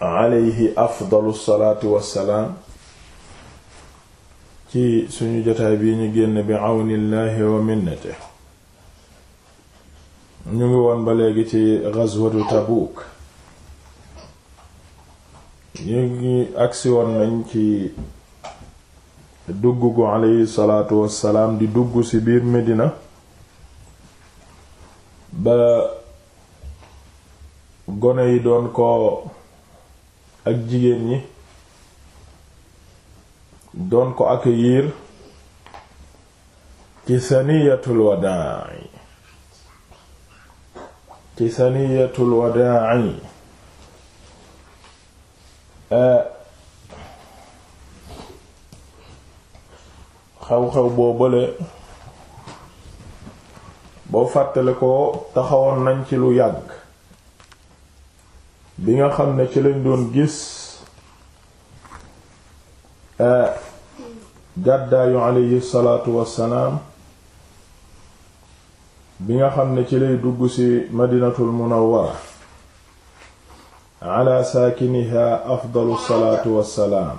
alayhi afdalu salaatu wassalaam ci suñu jotaay bii ñu génn bi àwnillaahi wa minnate ñu ngi woon ba léegi ci ghazwatu Tabuuk ñu ngi agsi woon nañ ci dugg gu alayhi salaatu wassalaam di dugg ci biir Medina ba gone yi doon ko ak jigéen ñi doon ko yiir ci saniyatul wadaa'i ci saniyatul wadaa'i xew-xew boo bële boo fàttale ko taxawoon nañ ci lu yàgg bi nga xam ne ci lañ doon gis gàddaayu alayhi salaatu wassalaam bi nga xam ne ci lay dugg ci madinatul munawwara ala saakiniha afdalu salaatu wassalaam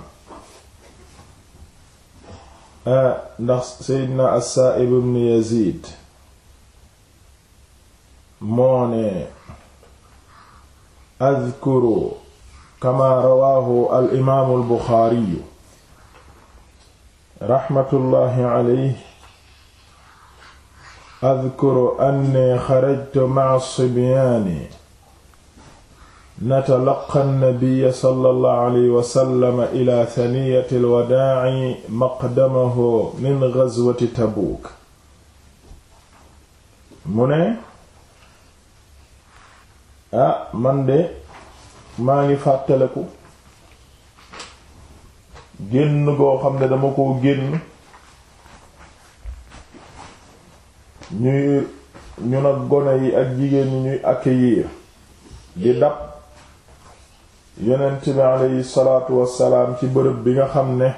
ndax seydina as-Sa'ib ibn Yazid moo ne azkuru kama rawaahu al imaamu al buxaariyu raxmatullahi alayhi azkuru anni xarajtu ma'a sibyaani natalaqa nnabiya sallallahu alayhi wa sallam ila saniyati alwadaa'i maqdamahu min gazwati tabuuk mu ne ah man de maa ngi fàttaleku génn goo xam ne dama koo génn ñuy ñu nag gone yi ak jigéen ñi ñuy accueillir di dab yeneen bi aleyhi salaatu wassalaam ci bërëb bi nga xam ne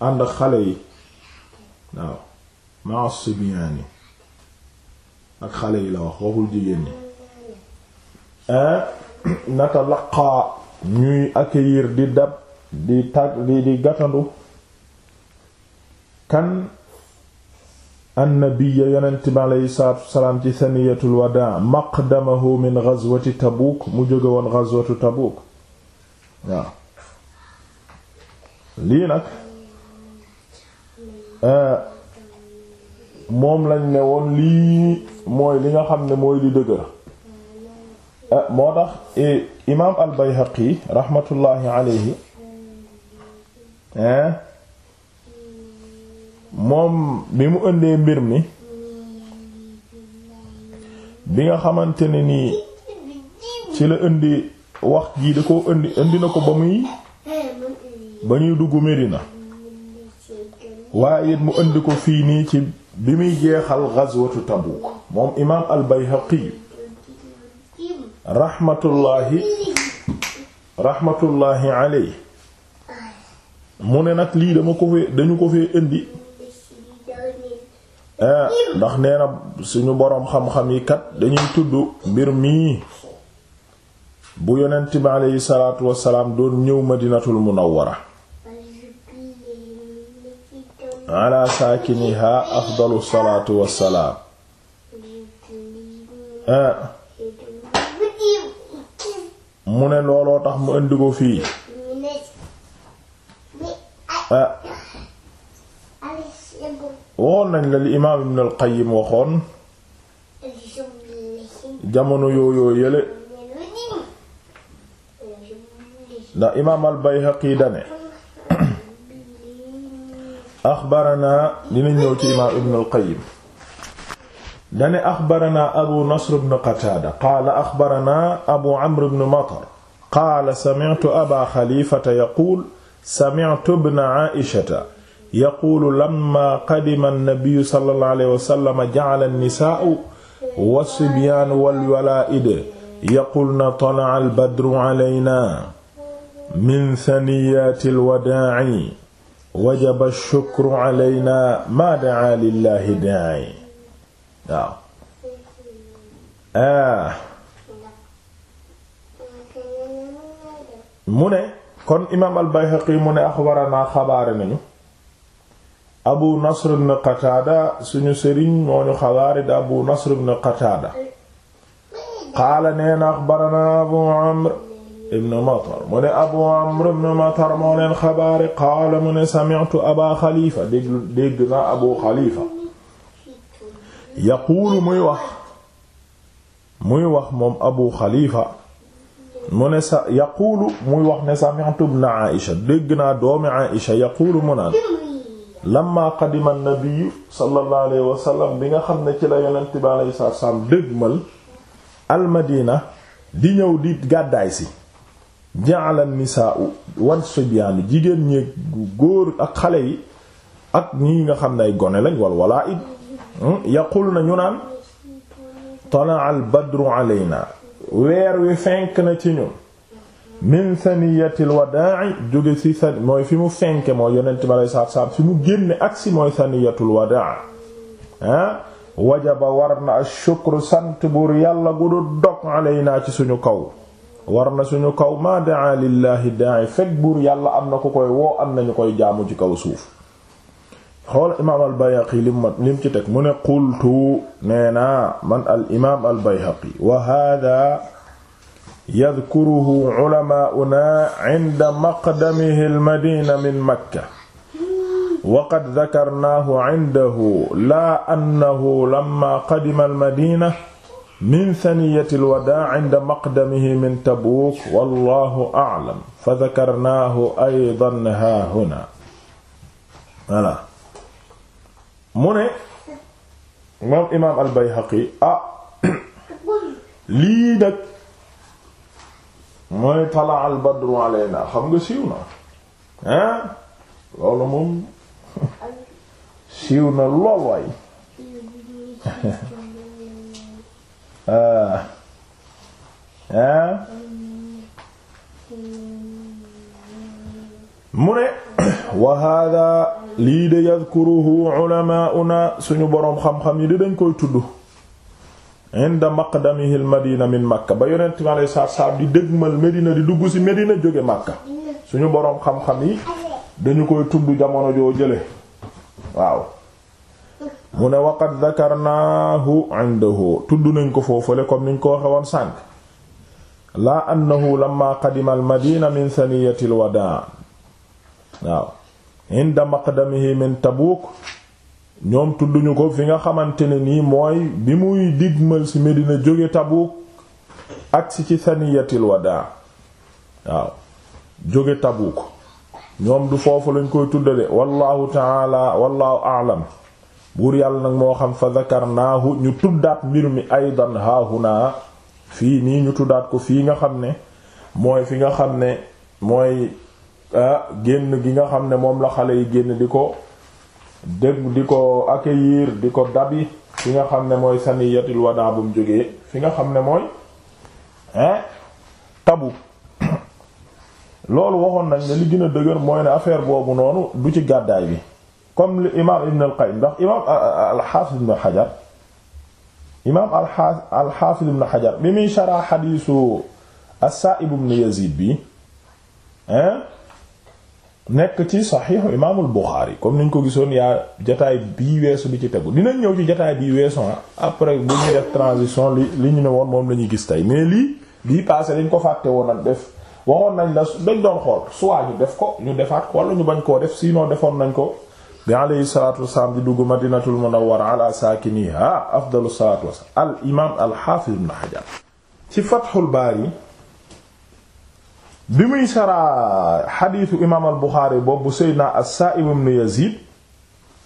ànd xale yi waaw ma sibiyaani ak xale yi la wax waxul jigéen ñi Eh, natalaqaa ñuy accueillir di dab di tag di di gatandu kan annabiya yonent bi aleyhi salaatu wasalaam ci saniyatul wadaa maqdamahu min ghazwati tabuuk mu jóge woon ghazwatu tabuuk waaw lii nag eh, moom lañ ne woon lii mooy li nga xam ne mooy li dëgër Ah, moo tax e, imaam al Bayhaqi raxmatullaahi alayhi moom bi mu ëndee mbir mi bi nga xamante ne nii ci la indi wax jii da ko indi indi na ko ba muy ba ñuy dugg Medina waaye it mu indi ko fii nii ci bi muy jeexal gazwatu Tabuk moom imaam al Bayhaqi raxmatullaahi raxmatullaahi mu ne nag lii dama ko fee dañu ko fee indi eh, ndax nee na suñu boroom xam-xam yi kat dañuy tudd mbir mii bu yonent bi aleyhi salaatu wasalaam doon ñëw madinatul munawwara ala saakiniha afdalu salaatu wasalaam eh, mu ne looloo tax mu indi ko fii ah. woon nañ la li imaam Ibn al waxoon jamono yooyoo yële ndax imaam al-Bayhaqi dane axbarana dina ñëw ci imaam Ibn al dane axbarana abu nasr bnu qataada qaala axbarana abu amr bnu matar qaala sami'tu aba xalifata yaquul sami'tu bna aishata yaquulu lamma qadima annabiyu sallallahu alayhi wa sallam ja'ala an-nisaa'u was-sibyaanu wal-walaa'idu yaqulna tala'a al-badru alaynaa min saniyyaati al-wadaa'i wajaba ash-shukru alaynaa maa da'aa lillaahi daa'i waaw eh. mu ne kon imaam al-Bayhaqi mu ne axbaranaa xabaare nañu abu nasr ibn qataada suñu sëriñ moo ñu xabaare di abu nasr ibn qataada qaala neena axbaranaa abu amr ibn matar mu ne abu amr ibn matar moo leen xabaare qaala mu ne sami'tu aba xalifa dégg naa abu xalifa yaquulu muy wax muy wax moom abu xalifa mu ne sa yaquulu muy wax ne sa sami'tu ibn aisha dégg naa doomi aisha yaquulu mu naan lamma qadima nabiyu sallallahu alayhi wa sallam bi nga xam ne ci la yonent bi alayhi salaatu wa salaam dégmal almadina di ñëw di gàddaay si ja'ala nisaa'u wan sibyaanu jigéen gu góor ak xale yi ak ñi nga xam ne ay gone lañ wal walaa it Hmm? yaqul na ñu naan talaa al badru alayna weer wi fenk na ci ñun min saniyatil wadaa jóge ci mooy fi mu fenke moo yonent ma aleyhi salaatu salaam fi mu génne agsi mooy saniyatul wadaa ah wajaba war na ashukru sant buur yàlla gu du dog alayna ci suñu kaw war na suñu kaw ma daa lillaahi daa'i fekk buur yàlla am na ku koy woo am nañu koy jaamu ci kaw suuf xool imaam al-Bayhaqi lim ma lim ci teg mu ne qultu nee naa man al imaam al-Bayhaqi wa haadaa yadkuruhu ulamaa'unaa inda maqdamihi al-madiina min makka wa qad dakarnaahu indahu laa annahu lammaa qadima al-madiina min saniyati al-wadaa' inda maqdamihi min Tabuuk wallaahu a'lam fa dakarnaahu aydan haahunaa voilà mu ne moom imaam al Bayhaqi ah lii nag mooy talaa al badru alayna xam nga siiw na ah loolu moom siiw na lool waay ah ah mu ne wa hada lii de yadkuruhu ulamauna suñu boroom xam-xam yi di dañ koy tudd inda maqdamihi al madina min makka ba yonent mi aleyhi salaatu salaam di di dugg ci medina jóge makka suñu boroom xam yi dañu koy tudd jamono joo jële waaw mu ne waqad dakarnaahu indahu tudd nañ ko foofale comme niñ ko waxe woon sànq laa annahu lamma qadima al madina min saniyati al wadaa waaw inda maqdamihi min Tabuk ñoom tudduñu ko fi nga xamante ne nii mooy bi muy digmal ci Medina jóge Tabuk agsi ci saniyatil wadaa waaw jóge Tabuk ñoom du foofu lañ koy tuddale wallahu taala wallahu aalam buur yàlla nag moo xam fa zakarnaahu ñu tuddaat mbir mi aydan haahunaa fii nii ñu tuddaat ko fii nga xam ne mooy fi nga xam ne mooy Ah, génn gi nga xam ne moom la xale yi génn di ko dégg di ko accueillir di ko dabi fi nga xam ne mooy saniyatul wadaa bu mu jógee fi nga xam ne mooy tabu loolu waxoon nañ ne li gën a dëgër mooy ne affaire boobu noonu du ci gàddaay bi comme li imaam ibn al-Qayyim ndax imaam al-Hafiz ibn Hajar bi muy shara xadiisu as-Sa'ib ibn bi hein nekk ci saxiixu imaamul Buxaari comme ni ñu ko gisoon yaa jataay bii weesu bi ci tegu dinañ ñëw ci jataay bii weesu ah après bu ñuy def transition li li ñu ne woon moom la ñuy gis tey mais lii lii passé dañ ko fàtte woon ak def waxoon nañ la dañ doon xool soit ñu def ko ñu defaat ko wala ñu bañ koo def sinon defoon nañ ko bi alayhi salatu wasalaam di dugg madinatul munawwara ala saakiniha afdalu salatu wasalaam al imam al hafiz ibn Hajar ci Fathul yi bi muy saraa xadiisu imaam al buxaari boobu seydna as-Saa'ib ibn Yaziid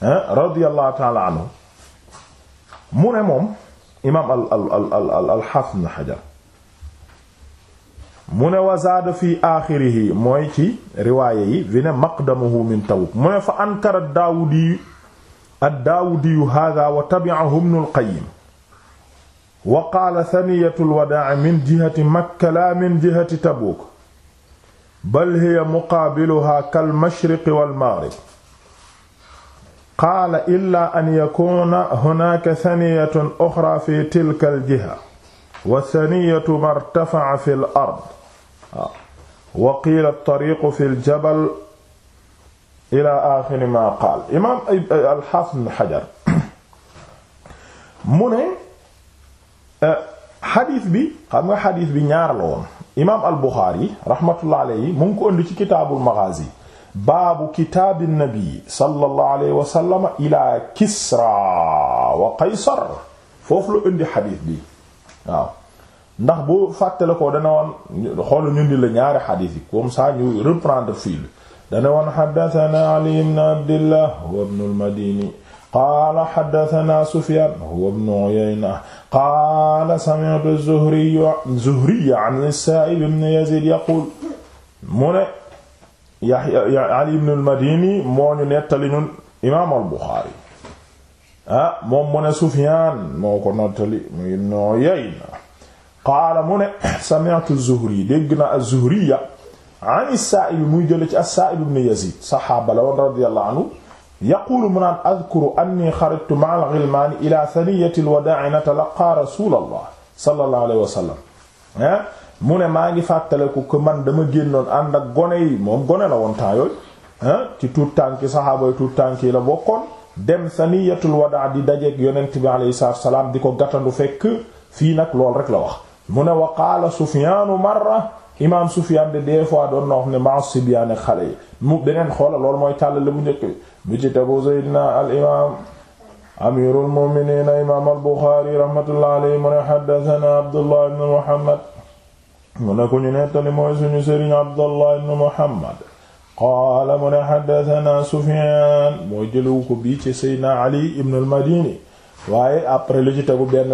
ah, radiyallahu taala anhu mu ne moom imaam al al al al al xaafis ibn Hajar mu ne wa zaada fi aaxirihi mooy ci riwaaye yi bi ne maqdamuhu min Tabuk mu ne fa ankara ad-Daawudi ad-Daawudi haaza wa tabi'ahu ibn al-Qayyim wa qaala thaniyatul wadaa' min jihati Makka laa min jihati Tabuk bal hiya muqaabiluha kal mashriqi wal maghrib qaala illaa an yakuuna hunaaka saniyatun uxraa fi tilka al jiha wa saniyatu martafaca fi l ard wa qiila tariiqu fi ljabal ila axiri ma qaal imaam alxaafis ibn xajar mu ne eh, xadiis bi xam nga xadiis bi ñaar la woon imaam al buxaari rahmatullah alayhi mu ngi ko indi ci kitaabul maghazi baabu kitaabi nabi sallallahu alayhi wa sallam ila kisra wa qaysar foofu la indi xadiis bi waaw ndax bu fàttale ko dana woon xoola ñu di la ñaari xadiis yi comme ça ñu reprendre fil dana woon xaddatana ali ibn abdillah huwa ibn al madini qaala xaddatana sufyaan huwa ibn uyayna qaala sami'tu Zuhriyya Zuhriyya an as-Saa'ib ibn Yaziid yaqul mu ne Yahya Ali ibn al-Madini moo ñu nettali ñun imaam al-Buxaari ah moom mu ne Sufyaan moo ko nettali muy noo yey na qaala mu ne sami'tu Zuhri dégg na az-Zuhriyya an as-Saa'ib muy jële ci as-Saa'ib ibn Yaziid saxaaba la woon radiyallahu anhu yaquulu mu naan adkuru anni xarajtu ma al ghilmaani ila saniyati al wadaa'ina talaqa rasuulallah sallallahu alayhi wa sallam eh? ne maa ngi fàttaliku ko man dama génnoon ànd ak gone yi moom gone la woon temps yooyu eh? ci tuut tànki saxaaba yi tuut tànk yi la bokkoon dem saniyatul wadaa di dajeek yonent bi alayhi salaatu wa salaam di ko gàttandu fekk fii nag lool rek la wax mu wa qaala Sufyaanu marra imaam Sufyaan de des fois doon wax ne ma sibyaane xale yi mu beneen xoola loolu mooy càll la mu njëkk bi ci tegu Seydina amirul mu'miniin imaam al Buxaari rahmatullahi mu ne haddasanaa Abdullah ibn Muhammad mu ne ku ñu nettali mooy mu ne haddasanaa Sufyaan mooy jëlewu ko bii ci Ali ibn al waaye après li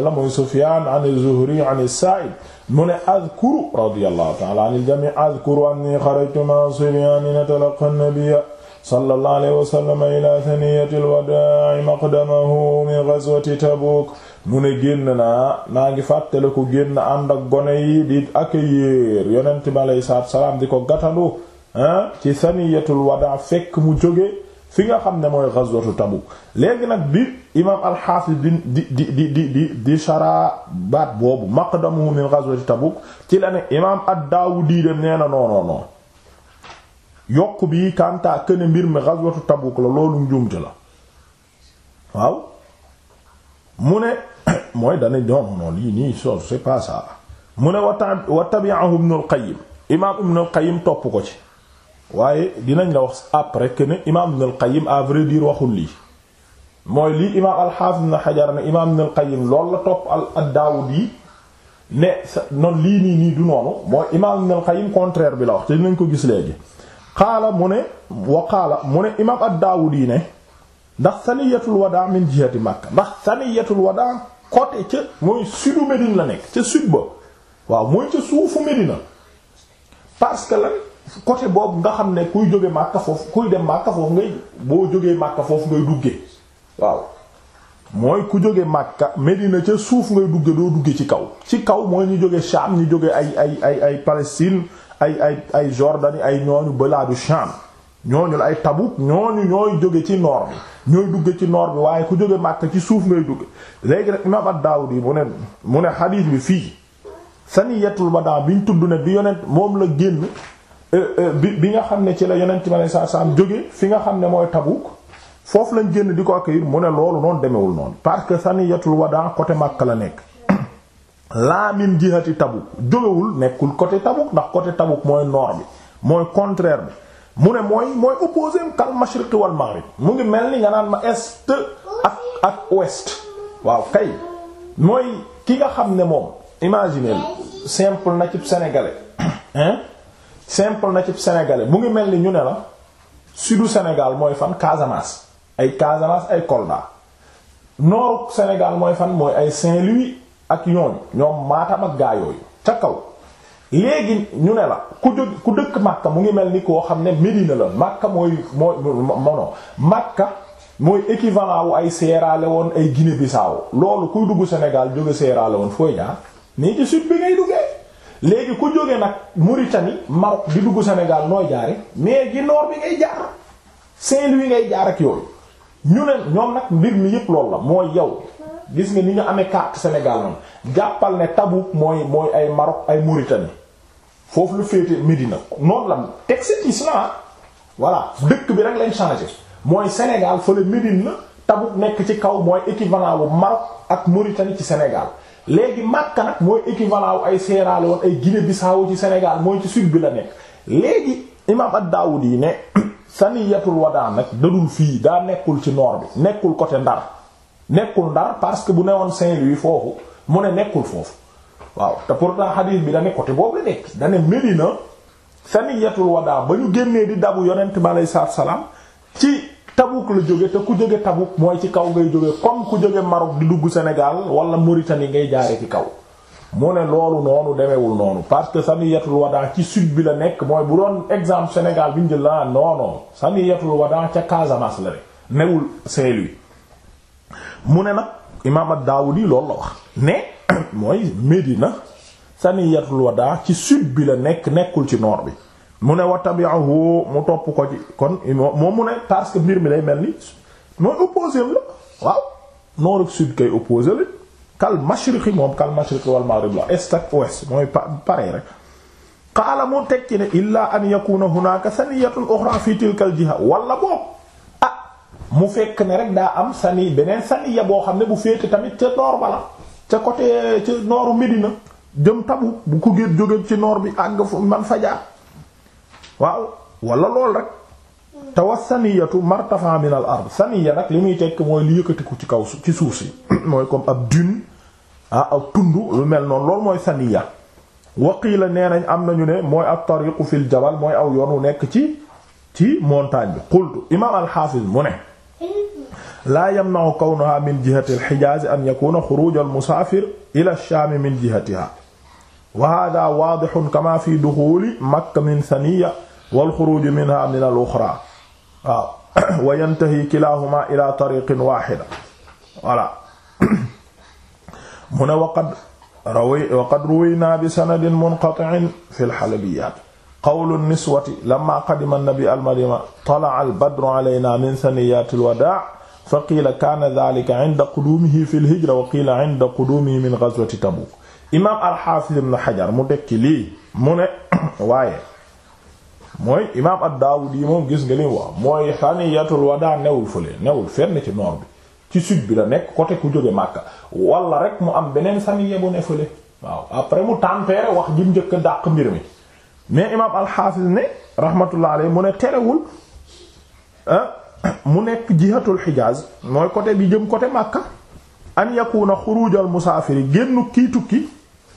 la mooy Sufyaan an az-Zuhri an as-Saa'id mu ne adkuru radiyallahu ta'ala anil jami' adkuru anni xarajtu ma'a sibyaani natalaqqaa an-nabiyya sallallahu alayhi wa sallam ila thaniyatil wadaa'i maqdamahu min ghazwati Tabuuk mu ne génn naa naa ngi fàttaliku génn ànd ak gone yi di accueillir yonent bi alayhi salaatu wa salaam di ko gàttandu ah ci thaniyatul wadaa fekk mu jóge fi nga xam ne mooy ghazwatu Tabuk léegi nag bi imaam al di di di di di baat boobu maqdamuhu min ghazwati Tabuk ci la ne imaam ad-Dawudi dem nee na non yokk bi kanta këne mbir mi ghazwatu Tabuk la loolu njuumte la waaw mu ne mooy dana non non lii nii so c'est pas ça mu ne wa tabi'ahu Ibn al imaam Ibn al topp ko ci waaye dinañ la wax après que ne imaam Ibn al-Qayyim à vrai dire waxul lii mooy lii imaam al-Hafiz Ibn Hajar ne imaam Ibn al-Qayyim loolu la topp al daawudi yi ne sa noonu lii nii nii du noonu mooy imaam Ibn al-Qayyim contraire bi la wax te dinañ ko gis léegi. xaala mu ne wa qaala mu ne imaam ad-Daawudi ne ndax saniyatul wadaa min jihati Makka ndax saniyatul wadaa côté ca mooy sudu Médine la nekk ca sud ba waaw mooy ca suufu que lan. côté boobu nga xam ne kuy jóge Makka foofu kuy dem Makka foofu ngay boo jógee Makka foofu ngay duggee waaw mooy ku jóge Makka Medina ca suuf ngay dugge doo dugge ci kaw ci kaw mooy ñu jóge Sham ñu jóge ay ay ay ay Palestine ay ay ay Jordanie ay ñooñu balaadu Sham ñooñu la ay Tabuk ñooñu ñooy jóge ci noor bi ñooy dugge ci noor bi waaye ku jóge Makka ci suuf ngay dugge léegi rek imaam ad-Dawudi mu ne mu ne xadiis bi fii saniyatul badaa bi ñu tudd ne bi yonent moom la génn Euh, euh, bi bi nga xam ne ci la yonent bi alayhi salaam jóge fi nga xam ne mooy Tabuk foofu lañ génn di ko accueillir mu ne loolu noonu demewul noonu parce que saniyatul wadaa côté Makka la nekk laa min jihati Tabuk jógewul nekkul côté Tabuk ndax côté Tabuk mooy nord bi mooy contraire bi mu ne mooy mooy opposé kal mashriq wal maghrib mu ngi mel ni nga naan ma est ak ak ouest waaw kay mooy ki nga xam ne moom imaginez simple na cib sénégalais hein simple na ci sénégalais mu ngi mel ni ñu ne la sudu senegal mooy fan Casamance ay Casamance ay Kolda nooru senegal mooy fan mooy ay Saint-Louis ak yoon ñoom Matam ak gaayoo yooyu ca kaw léegi ñu ne la ku jóg ku dëkk Makka mu ngi mel ni koo xam ne Médina la Makka mooy mooy mono Makka mooy équivalent ay Sierra Leone ay Guinée-Bissau loolu kuy dugg senegal jóge Sierra Leone fooy jaar nii ci sud bi ngay duggee léegi ku jóge nag Mauritanie Maroc di dugg Sénégal nooy jaare mais gi noor bi ngay jaar Saint-Louis ngay jaar ak yooyu ñu ne ñoom nag mbir mi yëpp loolu la mooy yow gis nga ni ñu amee carte Sénégal noonu jàppal ne Tabouk mooy mooy ay Maroc ay Mauritanie foofu lu féete Médina noonu la teg si islam voilà dëkk bi rek lañ changé mooy Sénégal fële Médine la Tabouk nekk ci kaw mooy équivalent wu Maroc ak Mauritanie ci Sénégal léegi Makka nag mooy équivalent ay Sierra Leone ay Guinée-Bissau ci Sénégal mooy ci sud bi la nekk léegi imam ad-Daawudi yi ne saniyatul wadaa nag dadul fii daa nekkul ci nord bi nekkul côté Ndar nekkul Ndar parce que bu newoon Saint-Louis foofu mu ne nekkul foofu waaw te pourtant hadith bi dane côté boobu la nekk dane Médina saniyatul wadaa ba ñu génnee di dabu yonent bi aleyhi salaatu salaam ci Tabuk la jóge te ku jóge Tabuk mooy ci kaw ngay jóge comme ku jóge Maroc di dugg Sénégal wala Mauritanie ngay jaare ci kaw mu ne loolu noonu demewul noonu parce que saniyatul wadaa ci sud bi la nekk mooy bu doon exemple Sénégal bi ñu jël la non non saniyatul wadaa ca Casamance la ne newul Saint-Louis mu ne nag imaam ad-Daawudi loolu la wax ne mooy Médina saniyatul wadaa ci sud bi la nekk nekkul ci noor bi mu ne wa tabi'ahu mu topp ko ci kon moom mu ne parce que mbir mi lay mel ni mooy opposé la waaw nord sud kay opposé la kal mashriqi moom kal mashriqi wal maghrib la est ak mooy pare rek qaala mu ne illa an yakuna hunaka saniyatun ukhra fi tilka al jiha wala boobu ah mu fekk ne rek daa am sani beneen saniya boo xam ne bu féete tamit ca nord bala ca côté ca nooru Médina jëm tabu bu ko géet jóge ci nord bi àgg man fa waaw wala lool rek te wa saniyatu martafa min al ard saniya li muy tekk mooy li ci kaw ci suuf si mooy kom ab dune ah ak tund lu mel noon loolu mooy saniya waqiila nee nañ am nañu ne mooy ab tariqu fil jabal mooy aw yoon wu nekk ci ci montagne bi qultu imaam alxaafiz mu ne laa yamna'u kawnuha min jihati alxijaaz an yakuna xuruj almusaafir ila ash-shaam min jihatiha wa hada waadihun kama fi duxuli makka min saniya wal xuruuju minha min al uxra waaw wa yantahi kilahuma ila tariqin waxida voilà mu ne waqad rawi waqad ruwayna bi sanadin munqatiin fi lxalabiyaat qawlu niswati lama qadima annabi almadina talaca albadru alayna min saniyat alwadaa fa qiila kaana dalika inda quduumihi fi lhijra wa qiila inda quduumihi min gazwati tabuuk imaam alxaafiz ibn xajar mu dekki lii mu ne waaye mooy imaam ad-Daawudi moom gis nga li wax mooy xaniyatul wadaa newul fële newul fenn ci nord bi ci sud bi la nekk côté ku jóge Makka wala rek mu am beneen saniya bu fële waaw après mu tempéré wax jim njëkk a dàq mbir mi mais imaam al-Hafiz ne rahmatullah alayhi mu nekk jihatul Hijaz mooy côté bi jëm côté Makka an yakuna xurujal musaafiri génnu kii tukki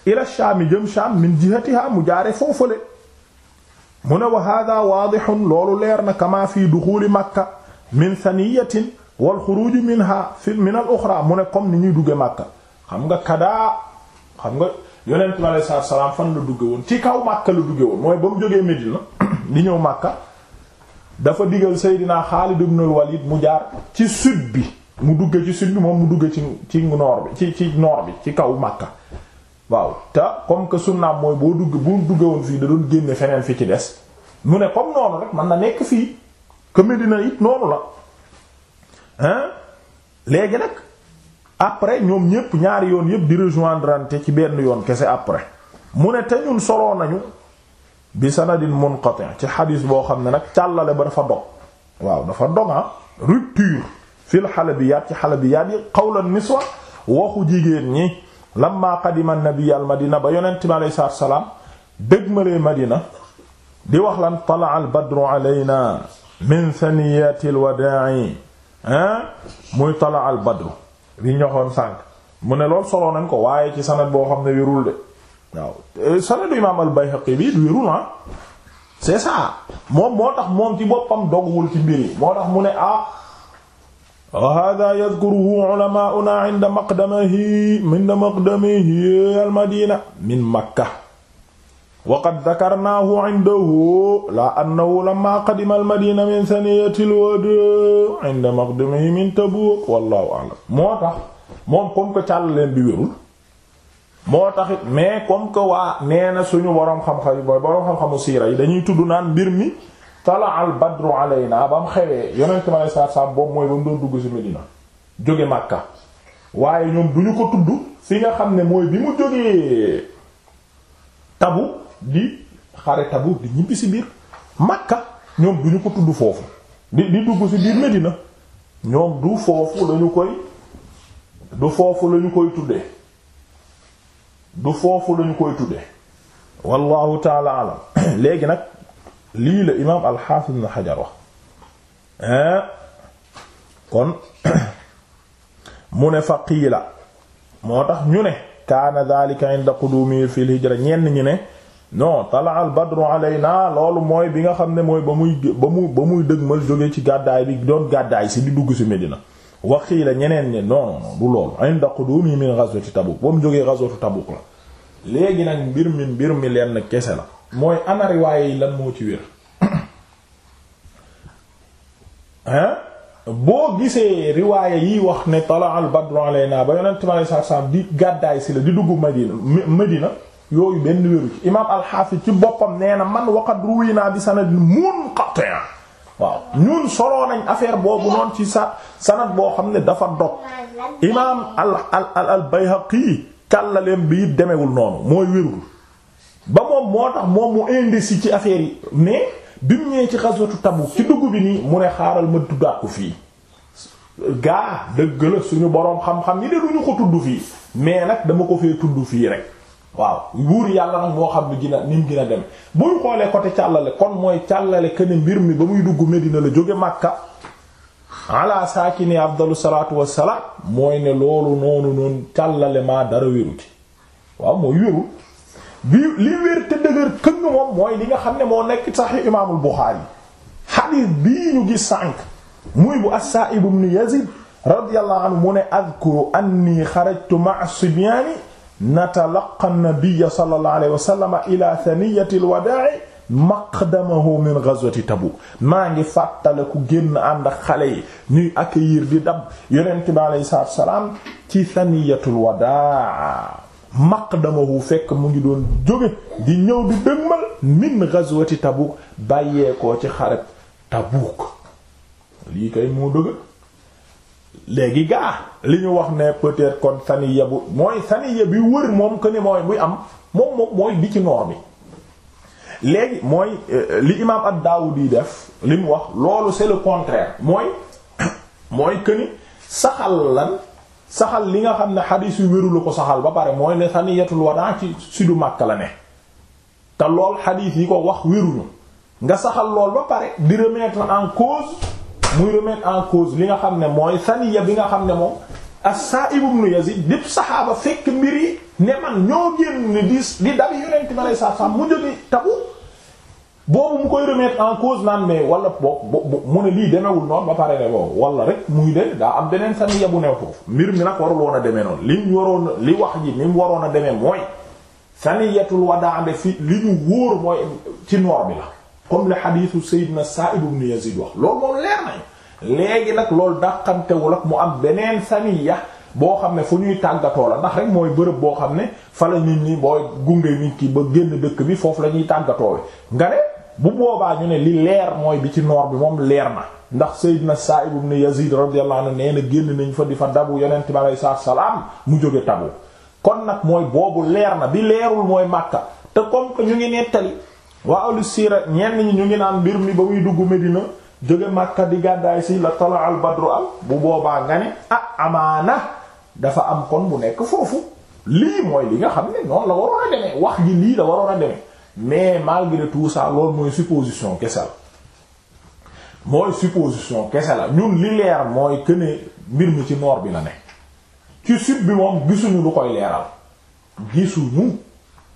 ila Shaam jëm Shaam min jihatiha mu jaare foofale mu ne wa hada waadihun loolu leer na kama fii duxuli makka min saniyatin wal xuruju minha fi min al mu ne comme ni ñuy dugge makka xam nga kadaa xam nga yonent bi salaam fan la dugge woon ci kaw makka la dugge woon mooy ba mu jógee Medina di ñëw makka dafa digal Seydina Xaalid ibn Walid mu jaar ci sud bi mu dugge ci sud moom mu dugge ci ci noor ci ci noor bi ci kaw makka waaw te comme que sunnaam mooy boo dugg bu duggoon fii da doon génne feneen fi ci des mu ne comme noonu rek man na nekk fii que Medina it noonu la hein léegi nag après ñoom ñépp ñaari yoon yépp di rejoindre ci benn yoon kese après mu ne te ñun solo nañu bi sanadin munqati ci xadiis boo xam ne nag càllale ba dafa dog waaw dafa doga ah. rupture fil xalabiyaat ci xale bi xalabiyaat yi qawlan niswa waxu jigéen ñi lamma qadima nabi al madina ba yonent bi aleyhi salaatu wa salaam dëgmalee madina di wax lan talaa al badru alayna min saniyati al wadaa'i ah muy talaa al badru ñoxoon sànq mu ne loolu soloo nañ ko waaye ci sanad boo xam ne wérul de waaw eh, sanadu imaam al bayhaqi bi du wérul ah c'est ça moom moo tax moom ci boppam doguwul ci mbir yi moo tax mu ne ah wa hada yadkuruhu ulamaauna inda maqdamihi inda maqdamihi almadina min makka wa qad dakarnaahu indahu la annahu lamma qadima almadina min saniyatil wadaa inda maqdamihi min tabuuk wallahu a'lam moo tax moom comme que càll leen bi wérul moo tax it mais comme que waa nee na suñu boroom xam-xam yi boroom xam-xamu siira yi dañuy tudd naan mbir mi tala al badru alayna ba mu xewee yonent ma lay saab boobu mooy ba doon dugg ci Medina jóge Makka waaye ñoom duñu ko tudd fi nga xam ne mooy bi mu jógee tabu di xare tabu di ñibbi si biir Makka ñoom duñu ko tudd foofu di di dugg ci biir Medina ñoom du foofu lañu koy du foofu lañu koy tuddee du foofu lañu koy tudde wallahu taala léegi nag lii la imaam alxaafis na xajar wax eh? kon mu ne fa qiila moo tax ñu ne kaana dhalika inda qudumi fil hijra ñenn ñi ne non tala al badru loolu mooy bi nga xam ne mooy ba muy ba mu ba muy dëgmal ci gàddaay bi doon gàddaay si di dugg si Medina wa qiila ñeneen ñi non non du loolu inda qudumi min Tabuk ba mu jógee ghazwatu Tabuk la léegi nag mbir mi mbir mi lenn kese la mooy ana riwaaye yi lan moo ci wér hein boo gisee riwaaye yi wax ne tala al badru naa ba yonent mi alei satu salaam di gàddaay si la di dugg madina madina yooyu benn wéru ci imaam alxaafis ci boppam nee na man waqad ruwina bi sanadin munqati' waaw ñun soloo nañ affaire boobu noonu ci sa sanad boo xam ne dafa dog imaam al al al bayhaqi càllaleem bi it demewul noonu mooy wérul ba moom moo tax moom mu indécis ci affaire yi mais bi mu ñëwee ci ghazwatu Tabuk ci dugg bi nii mu ne xaaral ma tuddaat ko fii gaa dëgg la suñu boroom xam-xam yi de duñu ko tudd fii mais nag dama ko fee tudd fii rek waaw buur yàlla nag moo xam ne gina ni mu gën a dem buñ xoolee côté càllale kon mooy càllale que ne mbir mi ba muy dugg Medina la jóge Makka ala saakini afdalu salaatu wassalaam mooy ne loolu noonu noonu càllale maa dara wéru ci waaw mooy wéru bi li wér te dëgër këng moom mooy li nga xam ne moo nekk saxi imaamul Buxaari xadiis bii ñu gis sànq muy bu as-Sa'ib ibn Yazid radiyallahu anhu mu ne adkuru anni xarajtu ma'a sibyaani natalaqa an-nabiyya sallallahu alayhi wa sallam ila thaniyati al-wadaa'i maqdamahu min ghazwati Tabuk maa ngi fàttaliku génn ànd ak xale yi ñuy accueillir di dab yonent bi alayhi salaatu wa salaam ci thaniyatul wadaa maqdamahu fekk mu ngi doon jóge di ñëw di dëgmal min ghazwati Tabuk bàyyeekoo ci xareb Tabuk lii kay moo dëgg léegi gaa li ñu wax ne peut-être kon saniya bu mooy saniya bi wër moom que ni mooy buy am moom moom mooy bi ci noor bi léegi mooy euh, euh, li imaam ad-Dawudi def li mu wax loolu c'est le contraire mooy mooy que ni saxal lan saxal li nga xam ne xadiis yu wéru ko saxal ba pare mooy ne saniyatul wadaa ci sudu Makka la ne te lool xadiis yi ko wax wéruñu nga saxal lool ba pare di remettre en cause muy remettre en cause li nga xam ne mooy saniya bi nga xam ne moom as-Sa'ib ibn Yazid dépp saxaaba fekk mbir yi ne man ñoo génn di di dal yonent bi alayhi salaam mu jóge Tabuk boobu mu koy remettre en cause naan mais wala boobu mu ne lii demewul noonu ba pare ne boobu wala rek muy de daa am beneen sani bu new foofu mbir mi nag waruloon a demee noonu li mu waroon li wax ji ni mu waroon a demee mooy saniyatul wadaa de fi li ñu wóor mooy ci noor bi la comme le hadithu sayyidina Sa'ib ibn Yazid wax loolu moom leer nañ léegi nag loolu dàqantewul ak mu am beneen saniya boo xam ne fu ñuy tàggatoo la ndax rek mooy bërëb boo xam ne fa la nit ñi gunge nit ki ba génn dëkk bi foofu la ñuy tàggatoo bu boobaa ñu ne li leer mooy bi ci noor bi moom leer na ndax Seydina Sa'ib ibn Yazid radiyallahu anhu nee na génn nañu fa di fa dabu yonent bi aleyhi salaatu salaam mu jóge tabu kon nag mooy boobu leer na bi leerul mooy Makka te comme que ñu ngi nettali waa ahlu siira ñenn ñi ñu ngi naan mbir mi ba muy dugg Medina jóge Makka di gàddaay si la tala al badru am bu boobaa nga ne ah amaana dafa am kon bu nekk foofu lii mooy li nga xam ne noonu la waroon a demee wax ji lii la waroon mais malgré tout ça loolu mooy supposition kese la mooy supposition kese la ñun li leer mooy que mbir mi ci nord bi la ne ci sud bi moom gisuñu lu koy leeral gisuñu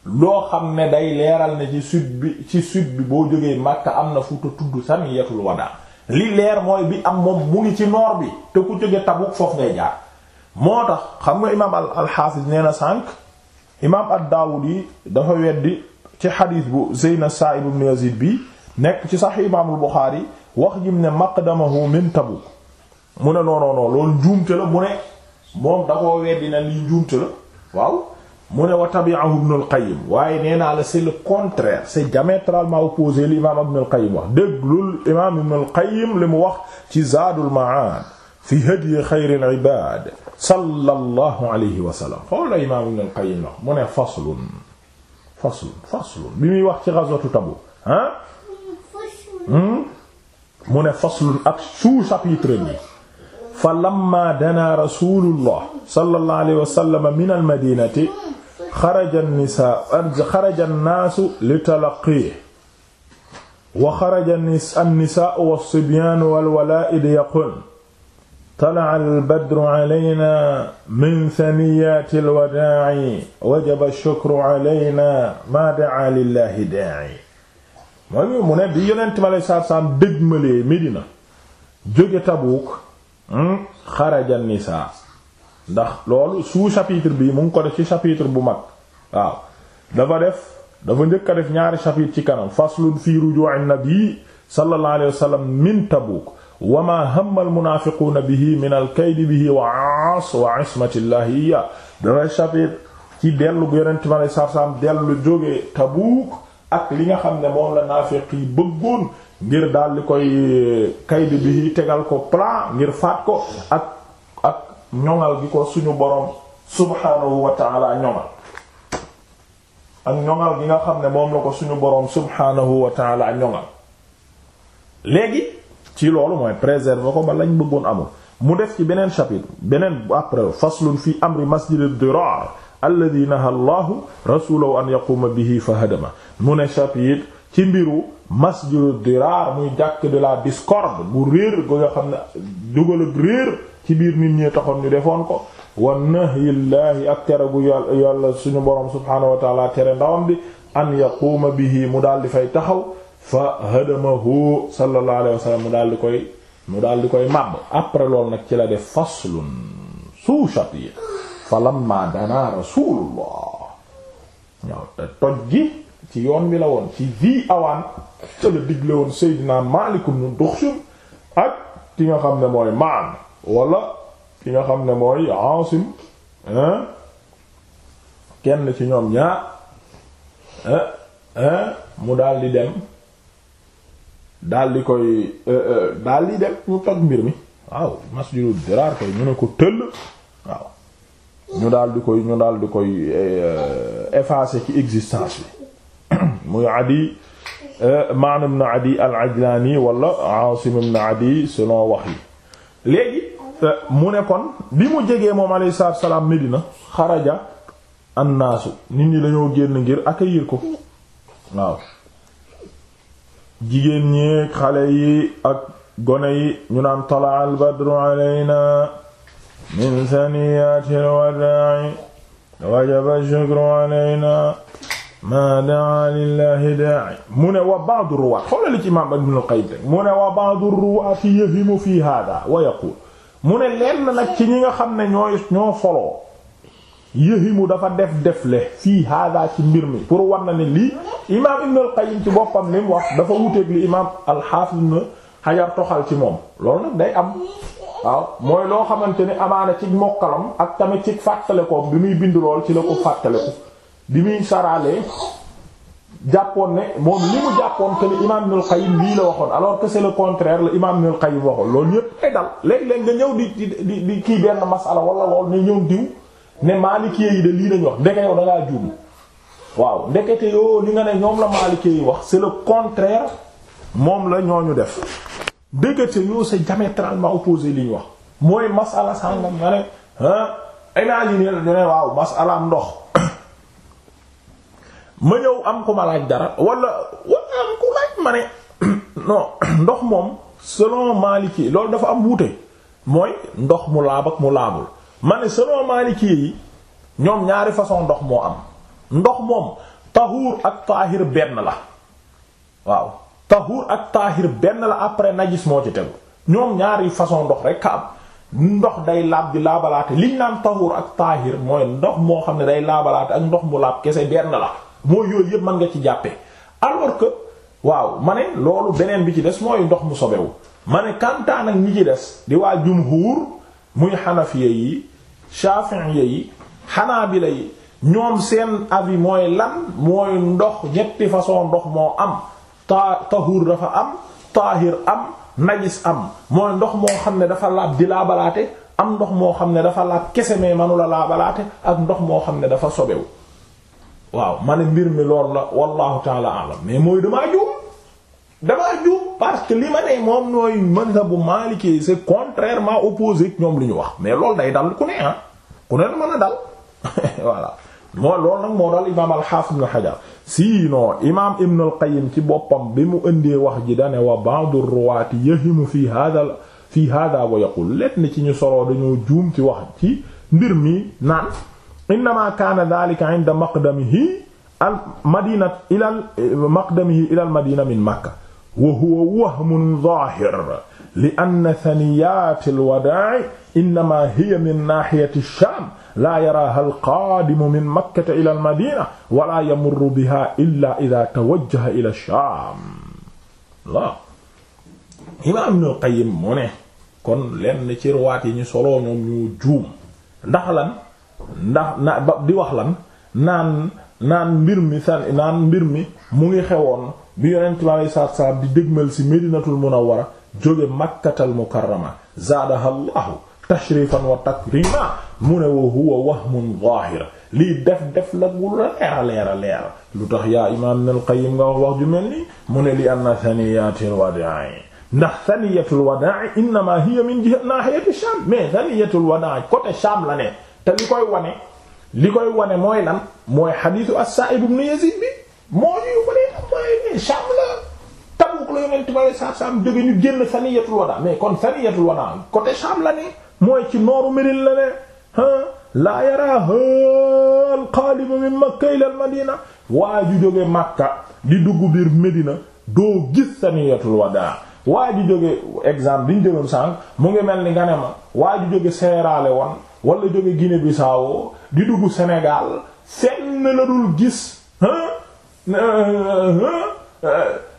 loo xam ne day leeral ne ci sud bi ci sud bi boo jógee Makka am na fu te tudd samiyatul wadaa li leer mooy bi am moom mu ngi ci nord bi te ku jóge Tabuk foofu ngay jaar moo tax xam nga imaam al al Hafiz nee na sànq imaam ad-Dawudi dafa weddi. ci xadiis bu Zeyna Saa'ib ibn Yazid bi nekk ci sax imaamul Buxaari wax jim ne maqdamahu min Tabuk mu ne non non non loolu njuumte la mu ne moom da koo weddi na lii njuumte la waaw mu ne wa tabi'ahu Ibn al-Qayyim waaye nee naa la c'est le contraire c'est diamétralement opposé li imaam Ibn al-Qayyim wax déglul imaam Ibn al-Qayyim li mu wax ci Zaadul Ma'aad fi hadyi xayril ibaad sallallahu alayhi wa sallam xoolal imaam Ibn al-Qayyim wax mu ne faslun faslu faslu bi muy wax ci ghazwatu Tabuk ah mu ne faslun ak sous-chapitre bi fa lamma dana rasulullah sallallahu alayhi wa sallam min almadinati xaraja nisaa xaraja nnaasu li talaqi wa xaraja annisaau walsibyaanu walwalaa'id yaqul طلع البدر علينا من ثنيات الوداع وجب الشكر علينا ما دعا لله داعي mooy mu ne bi yonent bi alei satu salaam dégmalee Medina jóge Tabuuk hmm, xaraja nisaa ndax loolu sous-chapitre bi mu ngi ko def ci chapitre bu mag waaw dafa def dafa njëkk a def ñaari chapitre ci kanam faslun fi ruju'in nabi sallallahu alayhi wa sallam min Tabuuk wa maa hamma al-munaafiquuna bihi min al-kaydi bihi wa aas wa ismatillahi iya dana chapitre ci dellu bu yonent ma sarsam dellu jóge Tabuuk ak li nga xam ne moom la naafiq yi bëggoon ngir daal di koy eh, kaydi bihi tegal ko plan ngir faat ko ak ak ñoŋal gi ko suñu borom subhaanahu wa taala ñoŋal ak ñoŋal gi nga xam ne moom la ko suñu borom subhaanahu wa taala ñoŋal léegi ci loolu mooy préserver ko ba lañ bëggoon amul mu def ci beneen chapitre beneen après faslun fi amri masjid ad-dirar alladhi naha allahu rasulahu an yaquma bihi fa hadama mu ne chapitre ci mbiru masjid ad-dirar muy jàkk de la discorde bu réer gu nga xam ne dugal ak réer ci biir nit ñi taxoon ñu defoon ko wa nahyillaahi ak tere gu yàlla suñu borom subhaanahu wa taala tere ndawam bi an yaquuma bihi mu daal di fay taxaw fa hadamahu sallallahu alayhi wa sallam mu daal di koy mu daal di koy màbb après loolu nag ci la def faslu suu chapitre fa lamma dana rasulullah waaw te toj gi ci yoon bi la woon ci vi awaan ca la digle woon Seydina Maalik ibn Duxsum ak ki nga xam ne mooy maan wala ki nga xam ne mooy Aasim kenn ci ñoom ñaar mu daal di dem daal di koy euh, euh, daal di dem ñu toj mbir mi waaw masjidu diraar koy ñu ne ko tëll waaw ñu daal di koy ñu daal di koy euh, effacer ci existence bi muy adi Ma'n ibn Adi al-Ajlani wala Asim ibn Adi selon wax yi léegi mu ne kon bi mu jegee moom alayhi salaam Medina xaraja annaasu nit ñi dañoo génn ngir accueillir ko waaw jigéen ñi xale yi ak gone yi ñu naan tala al badru alayna min saniyati al wadaa'i wajaba shukru alayna ma daa lillahi daa'i mu ne wa ba'du ruwaat xoolal ci imaam ibn al-Qayyim rek mu ne wa ba'du ruwaati yahimu fi haadaa wa yaquul mu ne lenn nag ci ñi nga xam ne ñooy ñoo foloo yëhimu dafa def defle fii hada ci mbir mi pour war na ne lii imaam Ibn al ci boppam li mu wax dafa wuteeg li imaam al-Hafiz Ibn Hajar toxal ci moom loolu nag day am waaw mooy loo xamante ni amaana ci mokkalam ak tamit ci fàttale ko bi muy bind lool ci la ko fàttale ko bi muy saraalee jàppoon ne moom li mu jàppoon que ni imaam Ibn al lii la waxoon alors que c'est le contraire la imaam Ibn al waxoon loolu ñëpp ay dal léeg-léeg nga ñëw di di di kii benn masala wala lool ne ñëw diw. ne maalikee yi de lii lañu wax ndeke yow da ngaa juum waaw ndekete yoo li nga ne ñoom la maalikee yi wax c'est le contraire moom la ñoo ñu def ndekete yoo c'est diamétralement opposé li ñu wax mooy masala sàngam nga ne ah imaginer ñu ne waaw masalaam ndox ma ñëw am ku ma laaj dara wala wala am ku laaj ma ne ndox moom selon maalikee loolu dafa am wuute mooy ndox mu laab ak mu laabul ma ne selon Maliki yi ñoom ñaari façon ndox moo am ndox moom tahuur ak taahir benn la waaw tahuur ak taahir benn la après najis moo ci tegu ñoom ñaari façon ndox rek ka am ndox day laab di laabalaate liñ naan tahuur ak taahir mooy ndox moo xam ne day laabalaate ak ndox mu laab kese benn la moo yooyu yépp man nga ci jàppee alors que waaw ma ne loolu beneen bi ci des mooy ndox mu sobewu ma ne kantaan ak ñi ci des di waa jumhuur muy xanafiya yi shafi'iyya yi xanaabila yi ñoom seen avis mooy lan mooy ndox ñetti façon ndox moo am ta tahur dafa am taahir am najis am mooy ndox moo xam ne dafa laab di balaate am ndox moo xam ne dafa laab kese mais manula laabalaate ak ndox moo xam ne dafa sobewu waaw ma ne mbir mi loolu la wallahu taala alam mais mooy damaa juum damaa juum parce que li ma ne moom nooy mazhabu Maliki c'est contrairement opposé ak ñoom li ñu wax mais loolu day dal ku ne ah ku ne la mën a dal voilà moo loolu nag moo dal imaam al-Hafiz Ibn Hajar sinon imaam Ibn al-Qayyim ci boppam bi mu indee wax ji dane wa ba'du ruwaati yahimu fii hada fii hada wa yaqul lépp ni ci ñu soloo dañoo juum ci wax ci mbir mi naan innama kaana dhalika 'inda maqdamihi al madinat ila maqdamihi ila al madina min Makka wa huwa wahmun zaahir li anna thaniyaat alwadaa'i innamaa hiya min naahiyati ash-shaam laa yaraaha al-qaadimu min makkata ila al-madiina wa laa yamurru bihaa illaa idhaa tawajjaha ila ash-shaam la imaam Ibnul Qayyim mu ne kon lenn ci riwaayat yi ñu soloo ñoom ñu juum ndax lan ndax na di wax lan naan naan mbir mi naan mbir mi mu ngi xewoon bi yonent bi alei salatu salaam di dégmal ci medinatul munawwara jóge makkatal mukarrama zaadaha llahu tashrifan wa takrima mu ne wa huwa wahmun zaahir lii def def la gu leera leera leera lu tax yaa imaam Ibn al nga wax wax ju mel ni mu ne li anna thaniyatil wadaa'i ndax thaniyatul wadaa'i innama hiya min jihati nahiyati sham mais thaniyatul wadaa'i la ne te li koy wane li koy wane mooy lan mooy xadiisu as-Sa'ib ibn Yazid bi moo ñuy wane mooy ne Sham la Tabuk la yonent ba saa saam jóge ñu génn saniyatul wadaa mais kon saniyatul wadaa côté Sham la ne mooy ci nooru Médine la ne ah laa yaraa al-qaadimu min Makka ila al-Madina waa ju jóge Makka di dugg biir Médina doo gis saniyatul wadaa waa ju jóge exemple bi ñu jëloon sànq mu ngi mel ni nga ne ma waa ju jóge seeraale woon. wala jóge Guinée Bissau di dugg Sénégal fenn la dul gis euh,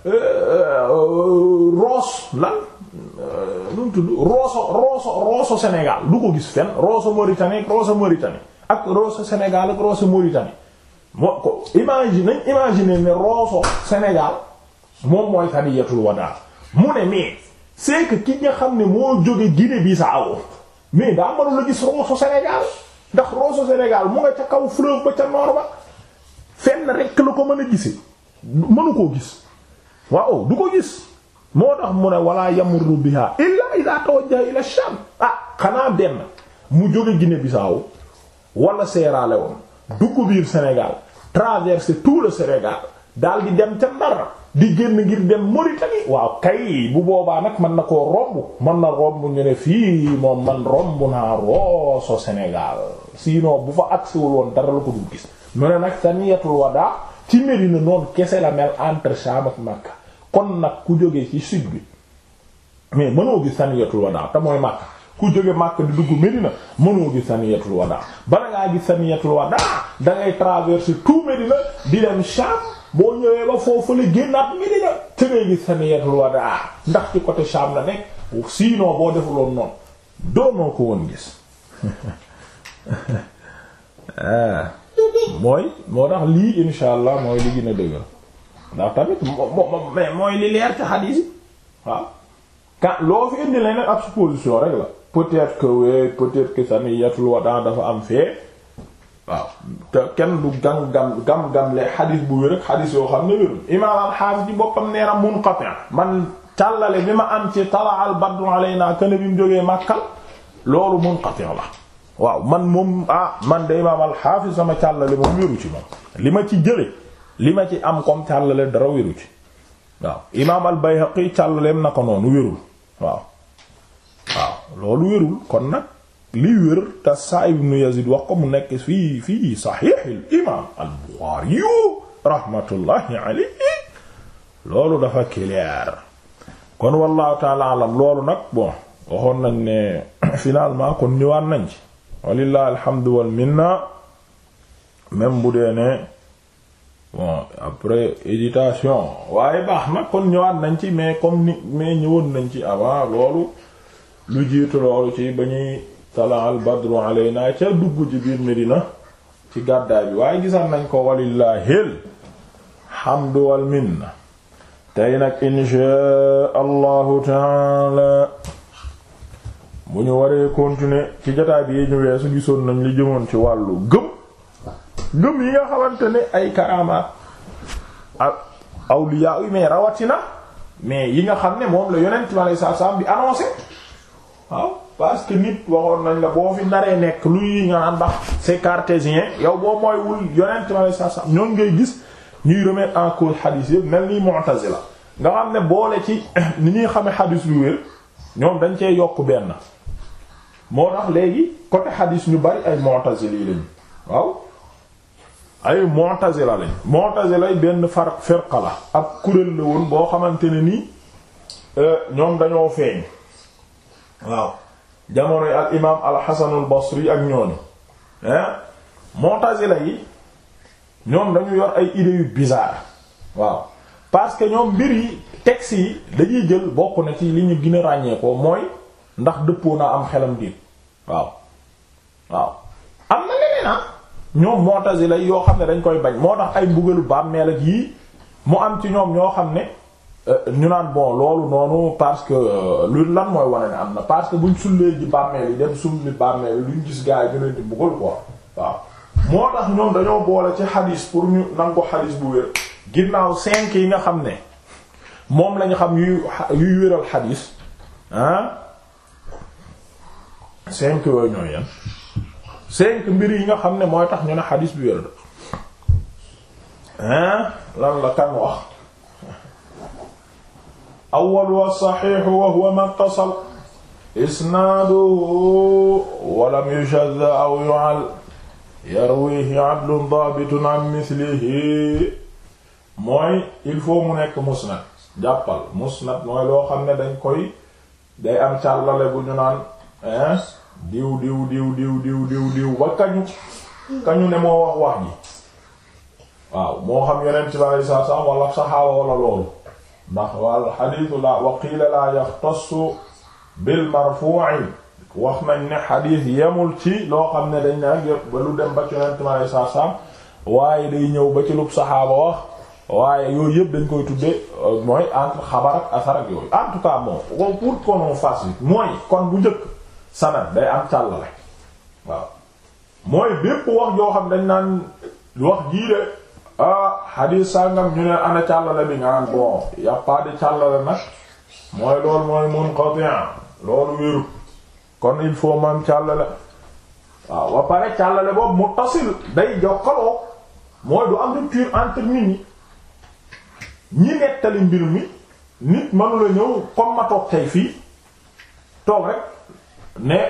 euh, roos lan euh, nu mu tudd rooso rooso rooso Sénégal du ko gis fenn rooso Mauritanie ak rooso Mauritanie ak rooso Sénégal moo ko imagine nañ imaginer ne rooso Sénégal moom mooy saniyatul wadaa mu ne mais c'est ki nga xam ne moo jóge Guinée Bissau mais daa mënul a gis Rosso Sénégal ndax Rosso Sénégal mu nga ca kaw fleuve ba ca noor ba fenn rek la ko mën a gisee mënu koo gis waaw du ko gis moo tax mu ne wala yamurru biha illa idha tawajjaha ila Sham ah xanaa benn mu jóge Guinée-Bissau wala Sierra Leone dugg biir Sénégal traverser tout le Sénégal daal di dem ca Ndar di génn ngir dem Mauritanie waaw kay bu boobaa nag mën na koo romb mën na romb ñu ne fii moom man romb naa rooso Sénégal sinon bu fa agsiwul woon dara la ko dul gis mu ne nag saniyatul wadaa ci Médina noonu kese la mel entre Sham ak Makka kon nag ku jóge ci sud bi mais mënoo gis saniyatul wadaa te mooy Makka ku jóge Makka di dugg Médina mënoo gis saniyatul wadaa bala ngaa gis saniyatul wadaa da ngay traverser tout Médina di dem Sham boo ñëwee ba foofu la génnaat Medina te ngay gis saniyatul wadaa ah, ndax ci côté Sham la nekk sinon boo defuloon noonu doonoo ko woon gis ah, mooy moo tax lii insha allah mooy li gën a dëgër ndax tamit mais mooy li leer ci xadiis waaw quand loo fi indi leneen ab supposition rek la peut-être que oui peut-être que saniyatul wadaa dafa am fee waaw te kenn du gam gam gam gamle xadis bu wér ak xadis yoo xam ne wérul imaam al-Hafiz boppam nee na munqati' man càllale bi ma am ci talaa al-badru alaynaa kene bi mu jógee màkkal loolu munqati' la waaw man moom ah man de imaam al sama càllale moom wéru ci moom li ma ci jële li ma ci am comme càllale dara wéru ci waaw imaam al-Bayhaqi càllaleem na ko noonu wérul waaw waaw loolu wérul kon nag li wér te Saïd ibn ko mu nekk fii fii saxiixil imaam al-Buxaari rahmatullahi alayhi loolu dafa clair kon wallahu taala alam loolu nag bon waxoon nañ ne finalement kon ñëwaat nañ ci walillahi alhamdu wal minna même bu dee ne bon après éditation waaye baax na kon ñëwaat nañ ci mais comme ni mais ñëwoon nañ ci avant loolu lu jiitu loolu ci ba ñuy tala al badru naa ca dugg ci biir Medina ci gàddaay bi waaye gisal nañ ko walillaahil hamdu wal minna tey nag inshaa allahu taala bu ñu waree continuer ci jotaay bi yi ñu weesu gisoon nañ li jëmoon ci wàllu gëm gëm yi nga xamante ne ay karaamaat ak awliya yi mais rawatina mais yi nga xam ne moom la yonent bi alayhi salaam bi annoncé waaw parce que nit waxoon nañ la boo fi naree nekk lu yi nga naan ndax c'est cartésien yow boo mooy wul yonent ma sa sa ñoom ngay gis ñuy remettre en cause hadith yëpp mel ni mu'tazila nga xam ne boole ci ni ñuy xame hadith lu wér ñoom dañ cee yokk benn moo tax léegi côté hadith ñu bari ay mu'tazili lañu waaw ay mu'tazila lañ mu'tazila benn far firqa la ab kuréel la boo xamante ne nii euh, ñoom dañoo feeñ waaw jamonoy al imaam al xasanul basri ak ñooñu ah mu'tazila yi ñoom dañu yor ay idées yu bizarre waaw parce que ñoom mbir yi textes yi dañuy jël bokk na ci li ñu gën ràññeekoo mooy ndax dëppoo naa am xelam diit waaw waaw am na leneen ah ñoom mu'tazila yi yoo xam ne dañ koy bañ moo tax ay mbugalu bàmmeel ak yii mu am ci ñoom ñoo xam ne. Euh, ñu naan bon loolu noonu parce que euh, lu lan mooy wane ne am na parce que buñ sullee ji bàmmeel yi dem sumli bàmmeel luñ gis gaa yi ñu leen di buggal quoi waaw moo tax ñoom dañoo boole ci xadis pour ñu nangu xadis bu wér ginnaaw cinq yi nga xam ne moom lañu xam yu yuy wéral xadis cinq yooyu ñooy mbir yi nga xam ne mooy tax ñu ne xadis bu wér ah lan la kan wax al-awwal wa as-sahih wa huwa ma ittasal isnaaduhu wa lam yushadd aw yu'al yarwihi adlun daabitun an mislihi mooy il faut mu nekk musnad jàppal musnad mooy loo xam ne dañ koy day am càllale bu ñu naan diw diw diw diw diw diw diw ba kañu kañu ne moo wax wax ji waaw moo xam yeneen ci bari saa saa wala saxaaba wala loolu ndax wal xadiisu la wa qiila laa yaxtassu bil marfuu'i wax nañ ne xadiis yemul ci loo xam ne dañ naa yëpp ba lu dem ba ci yonent mi alayhi salaatu salaam waaye day ñëw ba ci lu saxaaba wax waaye yooyu yëpp dañ koy tudde mooy entre xabar ak asar ak yooyu en tout cas bon pour qu'on fasse vite mooy kon bu njëkk sanad day am càllale waaw mooy bépp wax yoo xam dañ naan wax jii de. ah xadiis sàngam ñu ne ana càllale bi nga naan bon y a càllale nag mooy loolu mooy munqati' loolu wéru kon il càllale waaw ba pare càllale boobu muttasil day jokkaloo mooy du am rupture entre nit ñi ñi nettali mbir mi nit mënu ñëw comme ma toog fii toog rek ne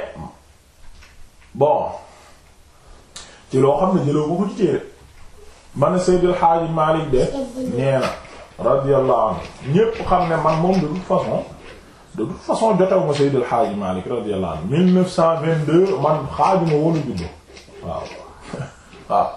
bon ci loo xam ne jëloo ko ci téere mane ne Seydil Hadji Malick de nee na radiyallahu anhu ñépp xam ne man moom de toute façon de toute façon jotew ma Seydil Hadji Malick radiyallahu anhu 1922 man xaaju ma woon a juddu waaw waaw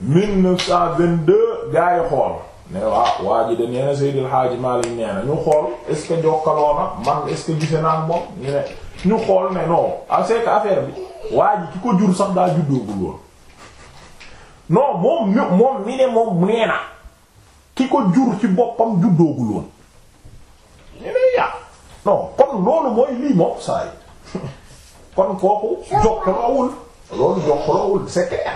1922 gaa yi xool ne waaw waa ji de nee na Seydil Hadji Malick nee ñu xool est-ce que jokkaloo na man est-ce gise naa moom ñu ne ñu xool ne non ah, c'est que affaire bi waa ji ki ko jur sax daa juddoogul woon non moom moom ne moom nee ki ko jur ci boppam juddoogul woon ñu ne kon loolu mooy lii moom saa kon kooku jokkaloowul loolu jokkaloowul c'est clair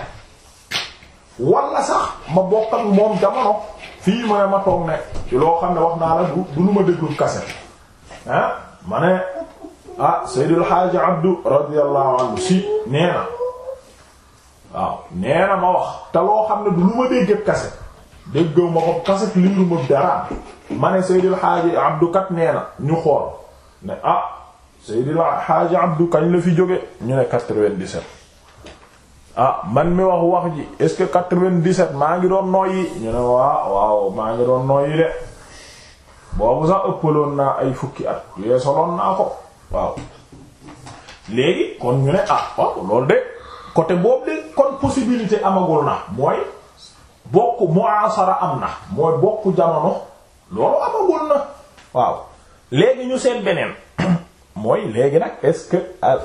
wala sax ma bokk moom jamono fii mooy ma toog ne ci loo xam ne wax naa la du du lu ma déglu kase ma ne ah Seydil Hadji Abdou radiyallahu anhu si nee nee na ma wax te loo xam ne du lu ma déggee kaset déggaw ma ko kaset liiru ma dara ma ne Seydil Xaaji Abdu kat nee na ñu xool ne ah Seydil Xaaji Abdu kañ la fi jóge ñu ne 97 ah man mi wax wax ji est-ce que 97 maa ngi doon noyyi ñu ne waaw waaw maa ngi doon noyyi de boobu sax ëppaloon naa ay fukki at yeesaloon naa ko waaw léegi kon ñu ne ah waaw loolu de côté boobu de kon possibilité amagul na mooy bokk muasara am na mooy bokk jamono loolu amagul na waaw léegi ñu seen beneen mooy léegi nag est-ce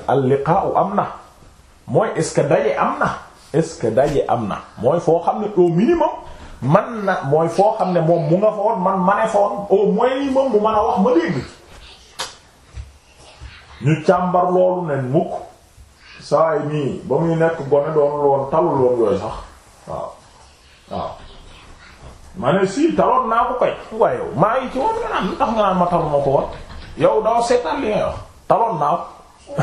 al liqa'u am na mooy est-ce que daje am na est-ce que daje am na mooy foo xam ne au minimum man na mooy foo xam ne moom mu nga fa woon man ma ne fa woon au minimum mu mën a wax ma dégg ñu càmbar loolu ne mukk saay nii ba muy nekk gone doonul woon talul woon yooyu sax waaw waaw ma sii taloon naa ko koy maa ngi ci woon nga naan lu tax nga naan ma talu ma ko woon yow daaw seetaan li nga wax taloon naa ko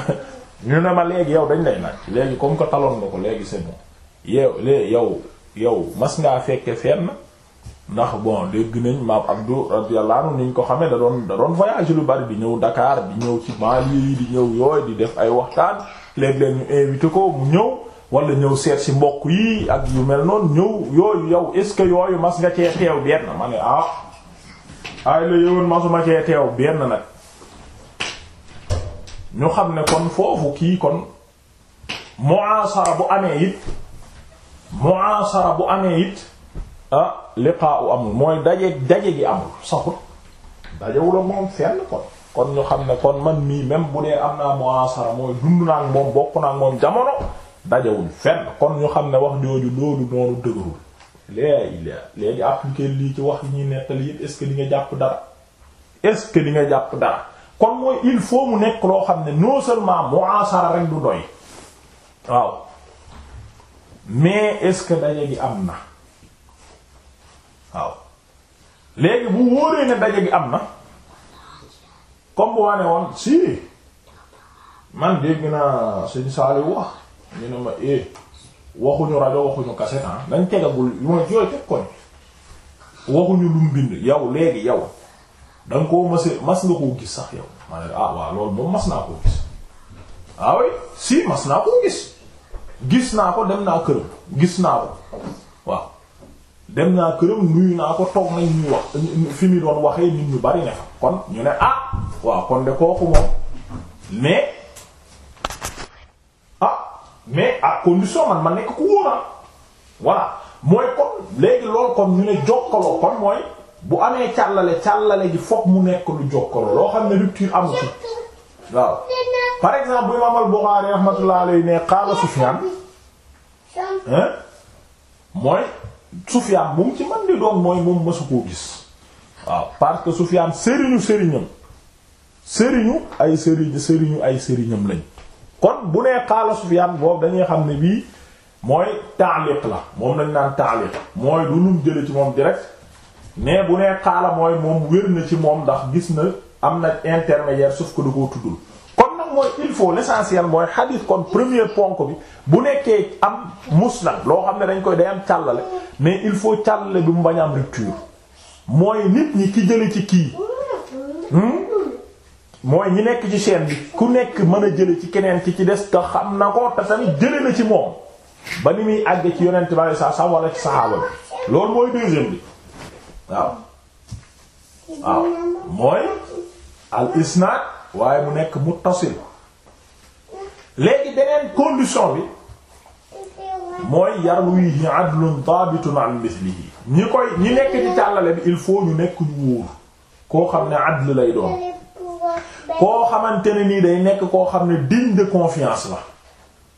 ne ma léegi yow dañ lay nag léegi comme que taloon nga ko léegi c'est yow léegi yow yow mas ngaa fekke fenn ndax bon dégg nañ ma Abdou radiyallahu anhu niñ ko xamee da doon da doon voyage lu bari di ñëw Dakar di ñëw ci Mali yi di ñëw yooyu di def ay waxtaan léeg-léeg ñu invité mu ñëw wala ñëw seet si mbokk yi ak yu mel noonu ñëw yooyu yow est-ce que yooyu mas nga cee teew benn ma ne ah ay la masuma cee teew benn nag ñu xam ne kon foofu kii kon mu'asara bu amee it mu'asara bu amee it ah liqa'u amul mooy daje daje gi amul saxut dajewula moom fenn kon kon ñu xam ne kon man mii même bu dee am naa muasara mooy dund naa ak moom bokk naa ak moom jamono dajawuñ fenn kon ñu xam ne wax jooju loolu noonu dëgërul léegi la léegi appliquer lii ci wax yi ñuy nettali yëpp est jàpp dara est ce nga jàpp dara kon mooy il faut mu nekk loo xam ne non seulement muasara rek du doy waaw mais est ce que daje gi am na waaw léegi bu wóoree ne daje gi am na. comme bu ma ne woon si man dégg naa sëñ Saliou wax ñu ne ma eh, waxuñu rajo waxuñu cassette ah, dañ nañ tegagul mooy jooy teg koñ waxuñu lu mu bind yow léegi yow da nga koo mas mas nga koo gis sax yow ma ne ah waaw loolu moom mas naa koo gis ah oui si mas naa koo gis gis naa ko dem naa këram gis naa ko waaw. dem naa këram nuyu naa ko toog nañ ñuy wax fi mu doon waxee nit ñu bari ne fa kon ñu ne ah waaw kon de kooku moom mais ah mais à condition man ma nekk ku wóora ah. voilà mooy kon léegi loolu kon ñu ne jokkaloo kon mooy bu amee càllale càllale ji fokk mu nekk lu jokkaloo loo xam ne rupture amu ci waaw par exemple imam al-Bukhari rahmatullah alayhi ne qaala Sufyan mooy Sufyaan moom ci man di doon mooy moom mësu koo gis waaw parce que Sufyaan sëriñu sëriñam sëriñu ay sëriñ sëriñu ay sëriñam lañ kon bu nee xaala Sufyaan boobu dañuy xam ne bii mooy taaliq la moom lañ naan taaliq mooy lu lum jële ci moom direct mais bu nee xaala mooy moom wér na ci moom ndax gis na am na intermédiaire sauf que du koo tuddul kon mooy il faut l'essentiel mooy xadiis kon premier ponk bi bu nekkee am musnad loo xam ne dañ koy day am càllale mais il faut càllale bi mu bañ am mooy nit ñi ki jële ci kii hmm? mooy ñi nekk ci seen bi ku nekk mën a jële ci keneen ki ci des te xam na ko te tamit jële na ci moom ba ni muy àggee ci yonent bi saa saa wala ci saxaaba loolu mooy deuxième bi waaw waaw mooy al isnad waaye mu nekk muttasil léegi beneen condition bi mooy yarwihi adlun daabitun an mislihi ñi koy ñi nekk ci càllale bi il faut ñu nekk ñu wóor koo xam ne adl lay doon koo xamante ne nii day nekk koo xam ne digne de confiance la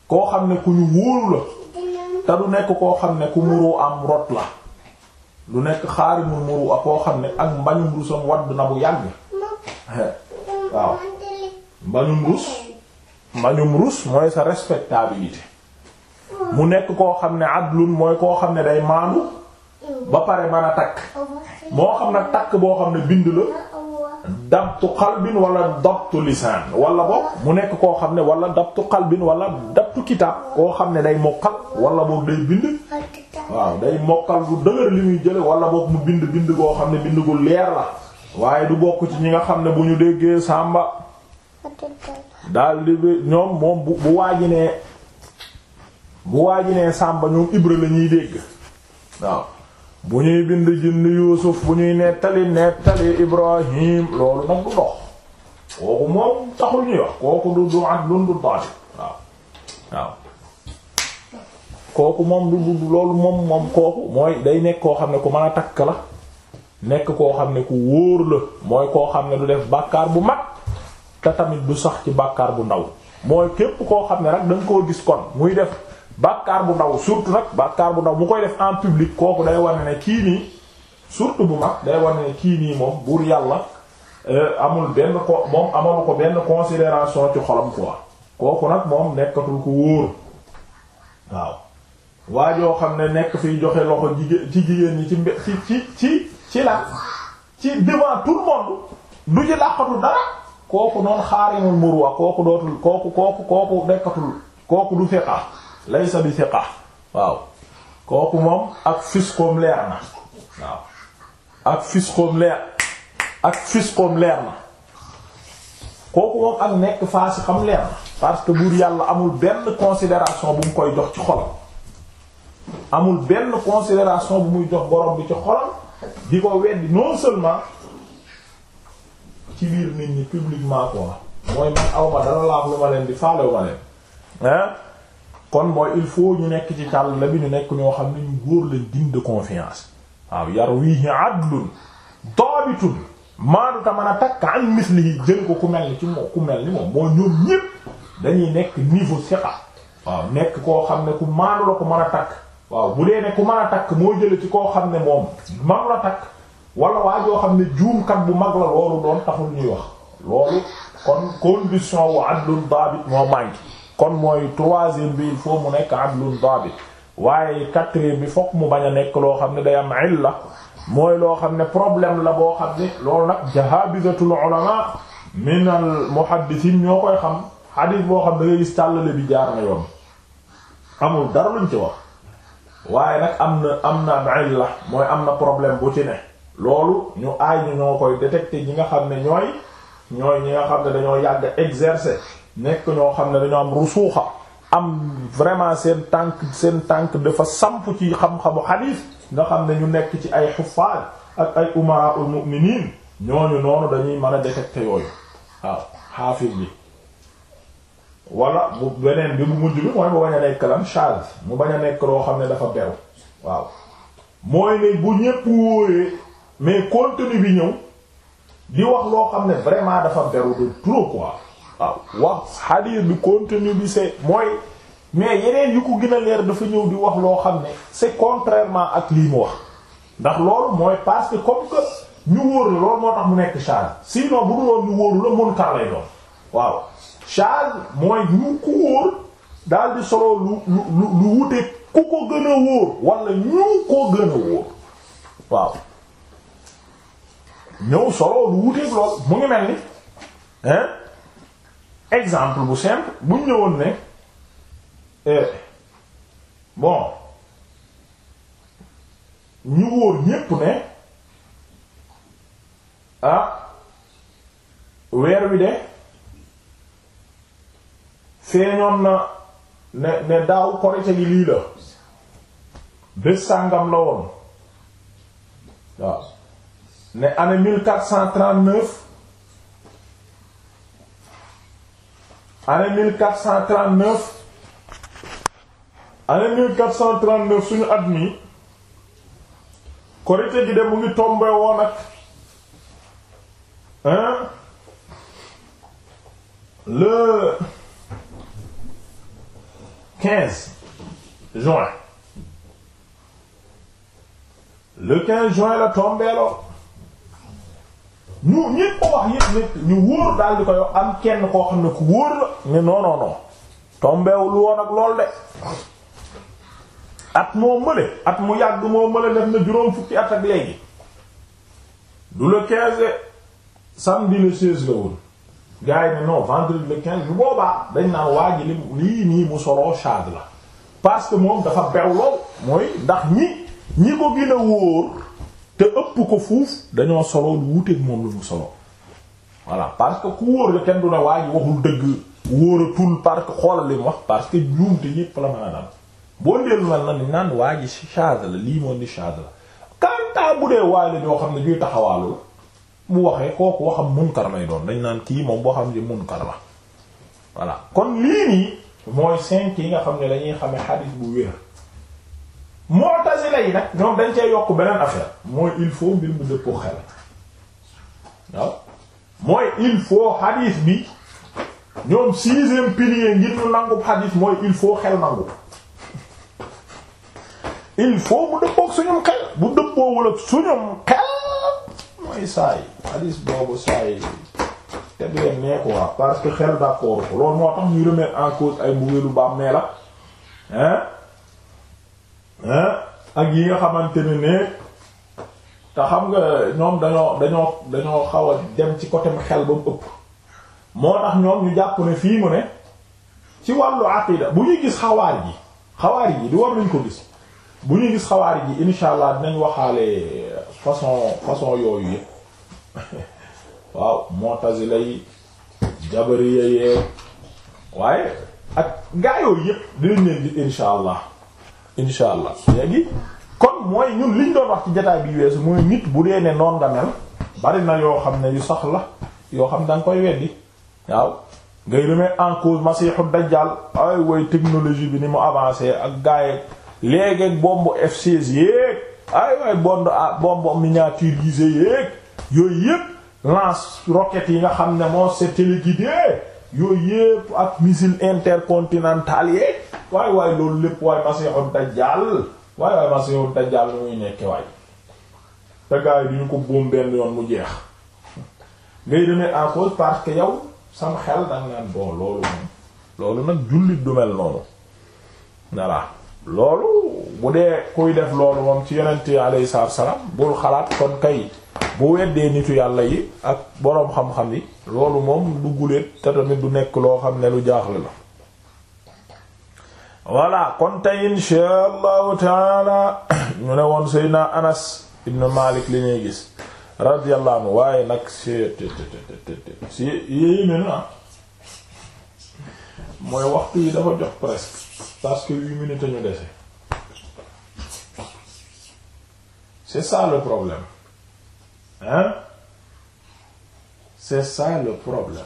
koo xam ne ku ñu wóoru la te du nekk koo xam ne ku muru am rot la du nekk xaarimul muru a koo xam ne ak mbañum rusam wadd na bu yàgg waaw mbañum rus mbañum rus mooy sa respectabilité mu nekk koo xam ne adlun mooy koo xam ne day maandu ba pare mën a takk moo xam ne takk boo xam ne bind la dabtu qalbin wala dabtu lisaan wala boog mu nekk koo xam ne walla dabtu qalbin wala dabtu kitaab koo xam ne day mokkal wala boog day bind waaw day mokkal bu dëgër li muy jële wala boog mu bind bind koo xam ne bind gu leer la waaye du bokk ci ñi nga xam ne bu ñu déggee sàmba daldi bi ñoom moom bu bu waaji nee bu waaji nee sàmba ñoom ibra la ñuy dégg waaw bu ñuy bind jinn yuusuf bu ñuy nettali nettali ibrahim loolu nag du dox kooku moom taxul ñuy wax kooku du du at lun du daali waaw waaw kooku moom du du loolu moom moom kooku mooy day nekk koo xam ne ku mën a takk la nekk koo xam ne ku wóor la mooy koo xam ne du def bàkkaar bu mag te tamit du sax ci bàkkaar bu ndaw mooy képp koo xam ne rek da nga koo gis kon muy def bàkkaar bu ndaw surtout nag bàkkaar bu ndaw bu koy def en public kooku day wane ne kii nii surtout bu mag day wane ne kii nii moom buur yàlla euh, amul benn ko moom amalu ko benn considération ci xolam quoi kooku nag moom nekkatul ko wóor waaw waa joo xam ne nekk fiy joxe loxo ci jigéen ñi ci ci ci ci la ci devant tout le monde du ci làqatu dara kooku noonu xaarimul murwa kooku dootul kooku kooku kooku nekkatul kooku du fiqa laysa bi fiqa waaw kooku moom ak fisqoom leer na waaw ak fisqoom leer ak fisqoom leer na kooku moom ak nekk faasi xam leer na parce que buur yàlla amul benn consideration bu mu koy jox ci xolam amul benn considération bu muy jox borom bi ci xolam di ko weddi non seulement ci biir nit ñi publiquement quoi mooy man awma dara laaf lu ma leen di faalewu ma leen hein kon mooy il faut ñu nekk ci càll la bi ñu nekk ñoo xam ne ñu góor lañ digne confiance waaw yar wii adlun daabitun maanuta mën a takk an mislihi jël ko ku mel ni ci moom ku mel ni moom moo ñoom ñépp dañuy nekk niveau siqa waaw nekk koo xam ne ku maanu la ko mën a takk waaw bu dee ne ku mën a takk moo jële ci koo xam ne moom man la takk wala waa joo xam ne juumkat bu mag la loolu doon taxul ñuy wax loolu kon condition wu adlun daabit moo manqué kon mooy troisième bi il faut mu nekk adlun daabit waaye quatrième bi fokk mu bañ a nekk loo xam ne day am la mooy loo xam ne problème la boo xam ne loolu nag jahabizatul ulama min al muhaddithin ñoo koy xam hadith boo xam da ngay gis tàllale bi jaar na yoon amul dara ci wax waaye nag am na am na la mooy am na problème bu ci ne loolu ñu aay ñu ñoo koy détecter ñi nga xam ne ñooy ñooy ñi nga xam ne dañoo yàgg exercer nekk ñoo xam ne dañoo am rusuuxa am vraiment seen tànk seen tànk dafa samp ci xam-xamu xadiis nga xam ne ñu nekk ci ay xuffaal ak ay umaraul mu'minin ñooñu noonu dañuy man a détecter yooyu waaw xaafis bi wala bu beneen bi mu mujj bi mooy mu bañ a nekk lan charge mu bañ a nekk loo xam ne dafa beru waaw mooy ne bu ñépp wóoree mais contenu bi ñëw di wax loo xam ne vraiment dafa beru de trop waaw wax hadith bi contenu bi c'est mooy mais yeneen yu ko gën a leer dafa ñëw di wax loo xam ne se contrairement ak lii mu wax ndax loolu mooy parce que comme ñu wóor la loolu moo tax mu nekk charge sinon bu dul woon ñu wóoru la mun kar lay waaw shaaz mooy ñu ku wóor daal di solo lu lu lu wute ku ko gën a wóor wala ñu ko gën a wóor waaw ñëw solo lu wuteeg lool mu ngi mel ni hein bu simple bu ñëwoon ne eh, bon ñu wóor ñépp ne ah weer wi de feeñoon na ne ne daaw korite gi lii la bés sàngam la woon ne année mille quatre cent trente-neuf année mille quatre cent trente-neuf suñu at mi korite gi de mu ngi tombé woon ak hein 15 juin le 15 juin la tombeeloo ñu ñépp wax yépp nit ñu wóor daal di koy am kenn koo xam ne ku wóor la ne non tombeewul woon ak lool de at moo mële at mu yàgg moo mële def na juróom fukki at ak léegi du le 15 samedi le la woon gars yi ne non vendredi le quinze bu boobaa dañ naan waa ji lii nii mu soloo charge la parce que moom dafa bew lool mooy ndax ñi ñi ko gën a wóor te ëpp ko fuuf dañoo soloo lu wuteeg moom lu mu solo voilà parce que ku wóor la kenn du ne waa ji waxul dëgg wóoratul parce que xoolal li wax parce que juumte ñépp la mën a dal boo ndeelu mel na ni naan waa ji charge la lii moom di charge la quant bu dee waa la ñoo xam ne ñuy taxawaalu bu waxee kooku waxam munkar lay doon dañ naan kii moom boo xam ne munkar la voilà kon lii nii mooy cinq yi nga xam ne dañuy xamee xadiis bu wér mu'tazila yi nag ñoom dañ cee yokk beneen affaire mooy il faut mbir mu dëppoo xel bi ñoom sixième pilier ngir ñu nangu xadiis il faut xel dëppook suñum xel bu dëppoowul ak suñum xel mooy saa yi xadiis boobu saa yi teg leen nee quoi parce que xel d'accord loolu moo tax ñu remettre en cause ay mbugalu bàmmeel ak hein hein ak yi nga xamante ne ne te xam nga ñoom dañoo dañoo dañoo xaw a dem ci côté xel ba mu ëpp moo tax ñoom ñu jàpp ne fii mu ne ci wàllu aqida bu ñuy gis xawaar ji xawaar ji di war nañ ko gis bu ñuy gis xawaar ji insha allah dinañ waxaale façon façon yooyu yëpp waaw mu'tazila yi jabariya yi waaye ak gaa yooyu yépp dinañ leen di insha allah insha allah léegi kon mooy ñun liñ doon wax ci jotaay bi weesu mooy nit bu dee ne noon nga mel bari na yoo xam ne yu sax la yoo xam danga koy weddi waaw ngay remettre en cause masiixu dajjal ay way technologie bi ni mu avancé ak gaayeg léegi bombe F16 yéeg ay way bombe ah, bombe miniaturisée yéeg yooyu yépp lance roquettes yi nga xam ne moo c'est téléguidé yooyu yépp ak missile intercontinental yeeg waay waay loolu lépp waay masiixu dajjaal waay waay masiixu dajjaal nu muy nekke waay te yi du ñu ko boom benn yoon mu jeex ngay remettre en cause parce que yow sam xel danga naan loolu moom loolu nag jullit du mel noonu voilà loolu bu dee kuy def loolu moom ci yonent alayhi salaam bul xalaat kon kay bu weddee nitu yàlla yi ak boroom xam-xam yi loolu moom du guléet te tamit du nekk loo xam ne lu jaaxle la voilà kon waaye nag si si yéyi ne ah. mooy waxtu yi dafa jox presque parce que huit minutes ñu dese c'est ça le problème hein c'est ça le problème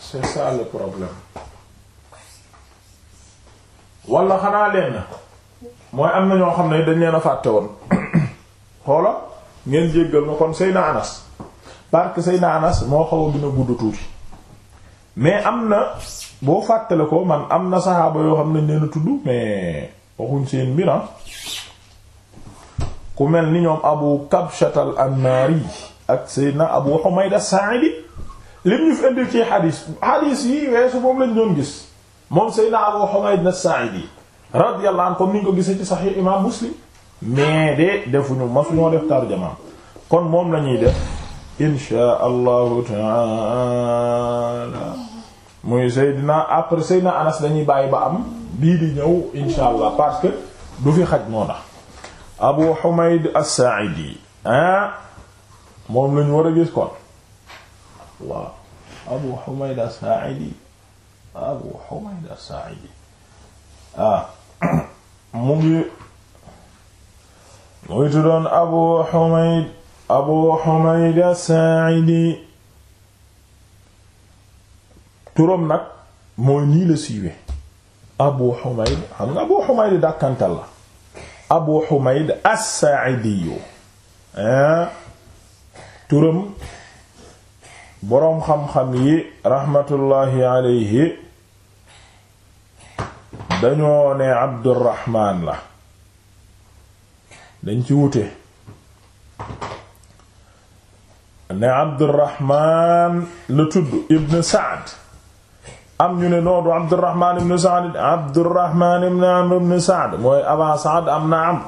c'est ça le problème wala xanaa leen na mooy am na ñoo xam ne dañ leen a fàtte woon xoola ngeen jéggal ma kon Seyna Anas parce que Seyna Anas moo xaw a gën a gudd tuuti mais am na boo fàttale ko man am na saxaaba yoo xam ne dañ leen a tudd mais waxuñ seen mbir ah. ku mel ni ñoom abu kabshat al annaari ak seydna abu humayd as lim ñu fi indil ci xadiis xadiis yi weesu moom lañ doon gis moom seydna abu humayd as-sa'idi radiyallahu anhu comme ni ñu ko gisee ci saxiix imaam defuñu masuñoo def kon moom lañuy def insha allahu taala muy seydna après seydna anas dañuy bàyyi ba am bii di ñëw insha allah parce que du fi xaj moo tax Abu Humayd as-Sa'idi ah moom lañu war a gis kon Abu Humayd as-Sa'idi Abu Humayd as-Sa'idi ah mu ngi muy tuddoon Abu Humayd Abu Humayd as-Sa'idi nag mooy nii la siiwe Abu Humayd xam nga Abu Humayd dàkkantal la abu xumayd as-saa'idiyu ah, turam boroom xam-xam yi raxmatullaahi alayhi dañoo ne abdurraxmaan la dañ ci wute ne abdurraxmaan la tudd ibn saad am ñu ne noodu Abdurrahman ibn Sa'd Abdurrahman ibn Amr ibn Sa'd mooy avant Sa'd am na Amr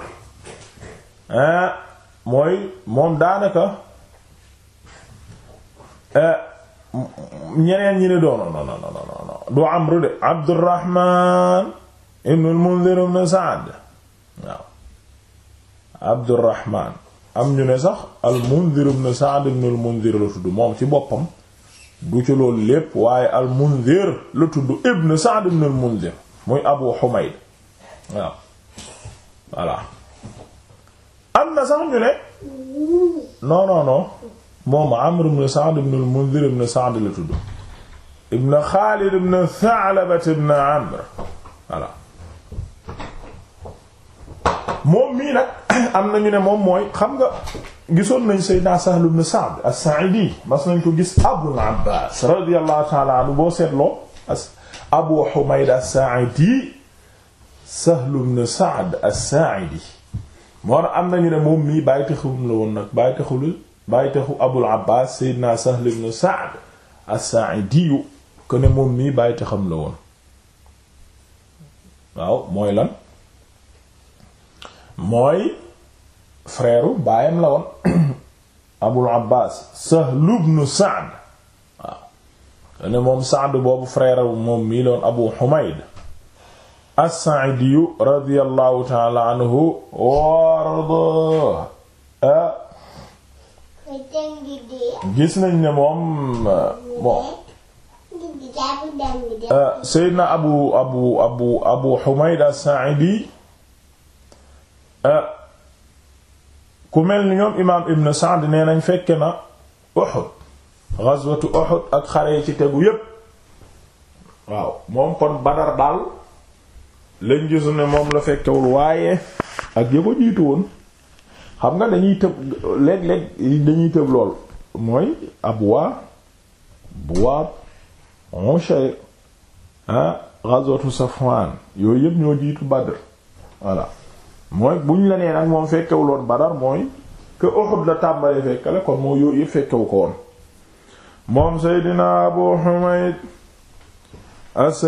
eh, mooy moom daanaka eh, ñeneen ñi ne doono non non non du Amr de Abdurrahman ibn al-Mundhir ibn Sa'd am ñu ne sax al-Mundhir ibn Sa'd ibn al moom ci boppam du ci loolu lépp waaye al Munzir la tudd ibn Sa'd ibn al muy Abu Humayd waaw voilà am na sax ñu ne non non non moom Amr ibn Sa'd ibn al ibn Sa'd la tudd ibn Khalid ibn Tha'laba ibn Amr voilà moom mii nag am na ñu ne moom mooy xam nga gisoon nañu Seydina Sahl ibn Sa'd as-Sa'idi mas nañ ko gis Abul Abbas radiyallahu ta'ala anhu boo seetloo Abu Humayd as-Sa'idi Sahl ibn Sa'd as-Sa'idi moo tax am nañu ne moom mii bàytaxum la woon nag bàytaxul bàytaxu Abul Abbas Seydina Sahl ibn Sa'd as-Sa'idi ko ne moom mii bàytaxam la woon waaw mooy lan mooy frère baayam la woon abbaas sahlu bnu saad ne moom saad boobu frère moom mii loon abu xumayd as-saadiyu radiyallahu taala anhu warda eh? gis nañ ne moom eh, eh, seydna abu abu abu abu xumayd as-saadi ku mel ni ñoom imaam Ibn Sa'd nee nañ fekke na Uhud ghazwatu Uhud ak xare yi ci tegu yépp waaw moom kon Badar daal lañ gis ne moom la fekkewul waaye ak ya ko jiitu woon xam nga dañuy tëb léeg-léeg dañuy tëb lool mooy Abwa Buwaab Ushayr ah ghazwatu Safwan yooyu yépp ñoo jiitu Badr voilà mooy buñ la nee nag moom fekkewuloon Badar mooy que Uhud la tàmbalee fekkale kon moo yooyu yëpp fekkewu ko woon moom Seydina Abu Humayd as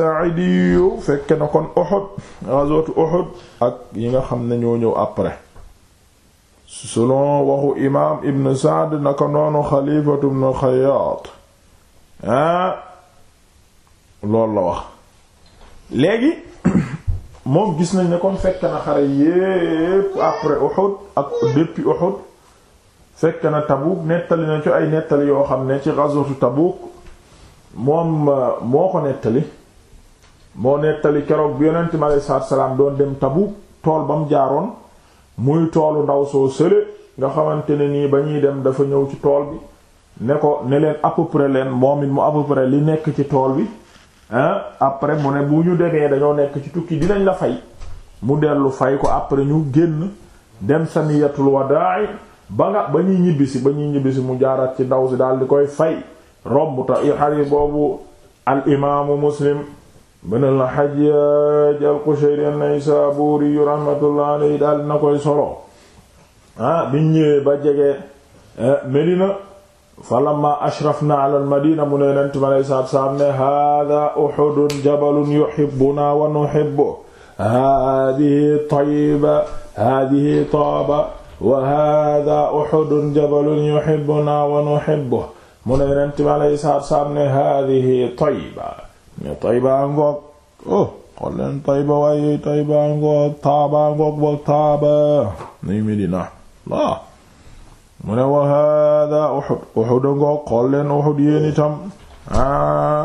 fekke na kon Uhud ghazwatu Uhud ak yi nga xam ne ñoo ñëw après selon waxu imaam Ibn Sa'd naka noonu Xalifatu ibn Xayyaat ah la wax léegi moom gis nañ ne kon fekk na xare yépp après Uhud ak depuis Uhud fekk na Tabuk nettali na ci ay nettali yoo xam ne ci ghazwatu Tabuk moom euh, moo ko nettali moo nettali keroog bi yonent ma alayhi doon dem Tabuk tool ba mu jaaroon muy toolu ndaw soo sële nga xamante ne nii ba ñuy dem dafa ñëw ci tool bi ne ko ne leen à leen moom it mu à peu près li nekk ci tool bi après mu ne bu ñu demee dañoo nekk ci tukki dinañ la fay mu dellu fay ko après ñu génn dem saniyatul wadaa ba nga ba ñuy ñibbisi ba ñuy ñibbisi mu jaaraat ci ndaw si daal di koy fay romb ta xari boobu al imaamu muslim ibn al hajjaj al qushayri an-naysaburi rahmatullah alayhi daal na koy solo ah, biñ ñëwee ba jege eh, medina falamma ashrafna ala almadina mu ne yonent bi aleyhi salaatu salaam ne haada uhudun jabalun yuhibbuna wa nuhibbu haadihi tayba haadihi taaba wa haada uhudun jabalun yuhibbuna wa nuhibbu mu ne yonent bi aleyhi salaatu salaam ne haadihi tayba ne tayba ngoog oh xool leen tayba waaye tayba ngoog taaba ngoog boog taaba nuy Medina waaw mu ne wa hada Uhud Uhud ngoo xool leen Uhud yéen itam aa ah,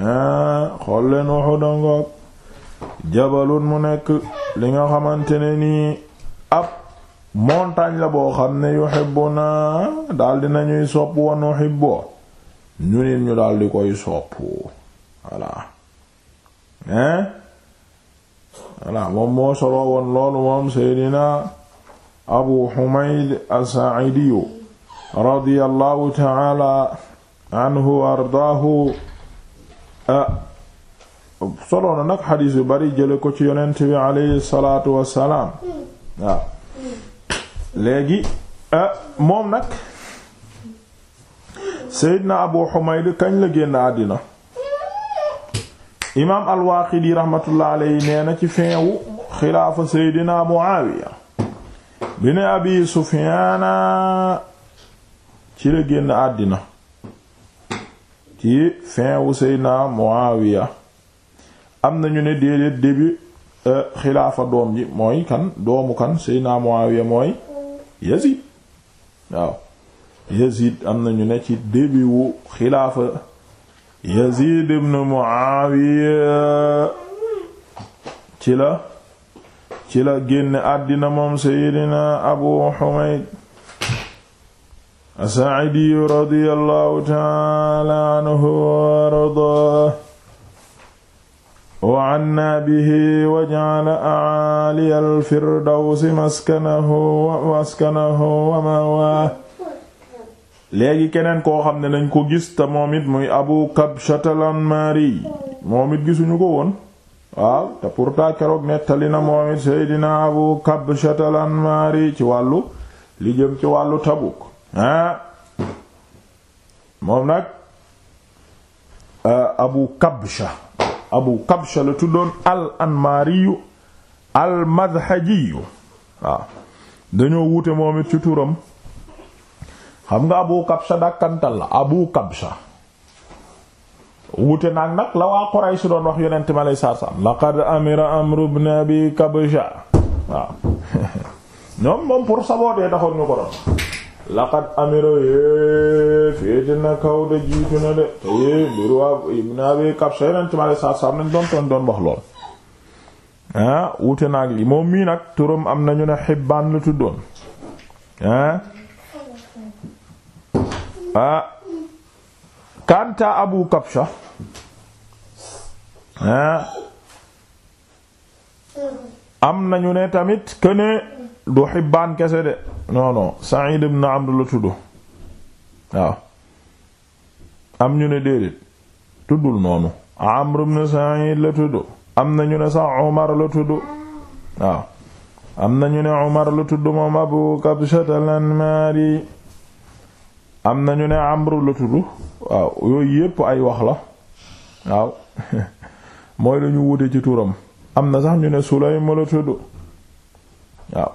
aa ah, xool leen Uhud ngoo jabalun mu nekk li nga xamante ne nii ab montagne la boo xam ne yuhibbuna daldi nañuy sopp wa nuhibbu ñu nit ñu daldi koy sopp voilà hein voilà moom moo solo woon loolu moom Seydina abu xumayd asaacidiyu radiyallahu taala anhu wa ardaahu solo na nag xadiis yu bari jële ko ci yonent bi aleyhi salaatu wassalaam léegi moom nag seydna abu xumayd kañ la génn àddina imaam al-Waaqidi raxmatullahi aleyhi nee na ci feewu xilaafa seydina muawiya bi ne abi sufiana ci la génn àddina ci fin wu seydna muawiya am nañu ne déedéet début euh, xilaafa doom ji mooy kan doomu kan seydna muawiya mooy yazid waaw yazid am nañu ne ci début wu xilaafa yazid ibn muawiya ci la ci la génn àddina moom seydina abu xumayd asaidiyu radiyallahu taala anhu wa ardah wa anna bihi wa jacala acaaliya alfirdawsi maskanahu wa wa mawaa léegi keneen koo xam ne dañ ko gis te moom it muy abu kabshatal anmaari moom gisuñu ko woon waaw te pourtant keroog nettali na moom it Seydina Abu Kabshat al-Anmari ci wàllu li jëm ci wàllu Tabuk ah moom nag euh, Abu Kabsha Abu Kabsha la tuddoon al-Anmariyu al-Madhajiyu waaw dañoo wuute moom it ci turam xam nga Abu Kabsha dàkkantal la Abu Kabsha wute naag nag la waa Quraysh doon wax yonent mi alayhi salaatu salaam laqad amira Amru ibn Abi Kabsha waaw ñoom moom pour saboter taxoon ñu ko doon laqad amira yée féete na kaw de jiitu na de te yée biir waa ibn Abi Kabsha yonent mi alayhi salaatu salaam nañ doon toon doon wax lool ah, wute naag li moom mii nag turam am nañu ne Hibbaan la tuddoon ah, ah. kanta abu kabsha ah. am nañu ne tamit këne du xibbaan kese de non non Sa'id ibn Amr la tudd waaw am ñu ne déedéet tuddul noonu am nañu ne sax Umar la tudd waaw am nañu ne Umar la tudd moom abu kabsha al-Anmari am na ñu ne amru la tudd waaw yooyu yépp ay wax la waaw mooy dañu wute ci tuuram am na sax ñu ne Sulaym la tudd waaw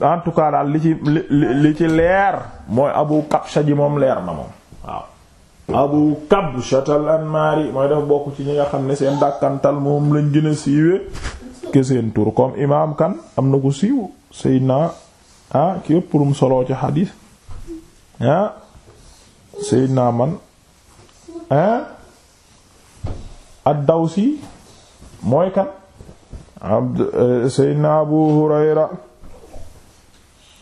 en tout cas daal li ci li li ci leer mooy Abu Kabsha ji moom leer na moom waaw Abu Kabsha mooy dafa bokk ci ñi nga xam ne seen dàkkantal moom lañ gën a siiwe ke seen tur comme imaam kan am na ko siiw Seydina ah ki ëpp rum solo ci xadiis ah Seydina man hein daw si mooy kan abd eh, Seydina Abu Hurayra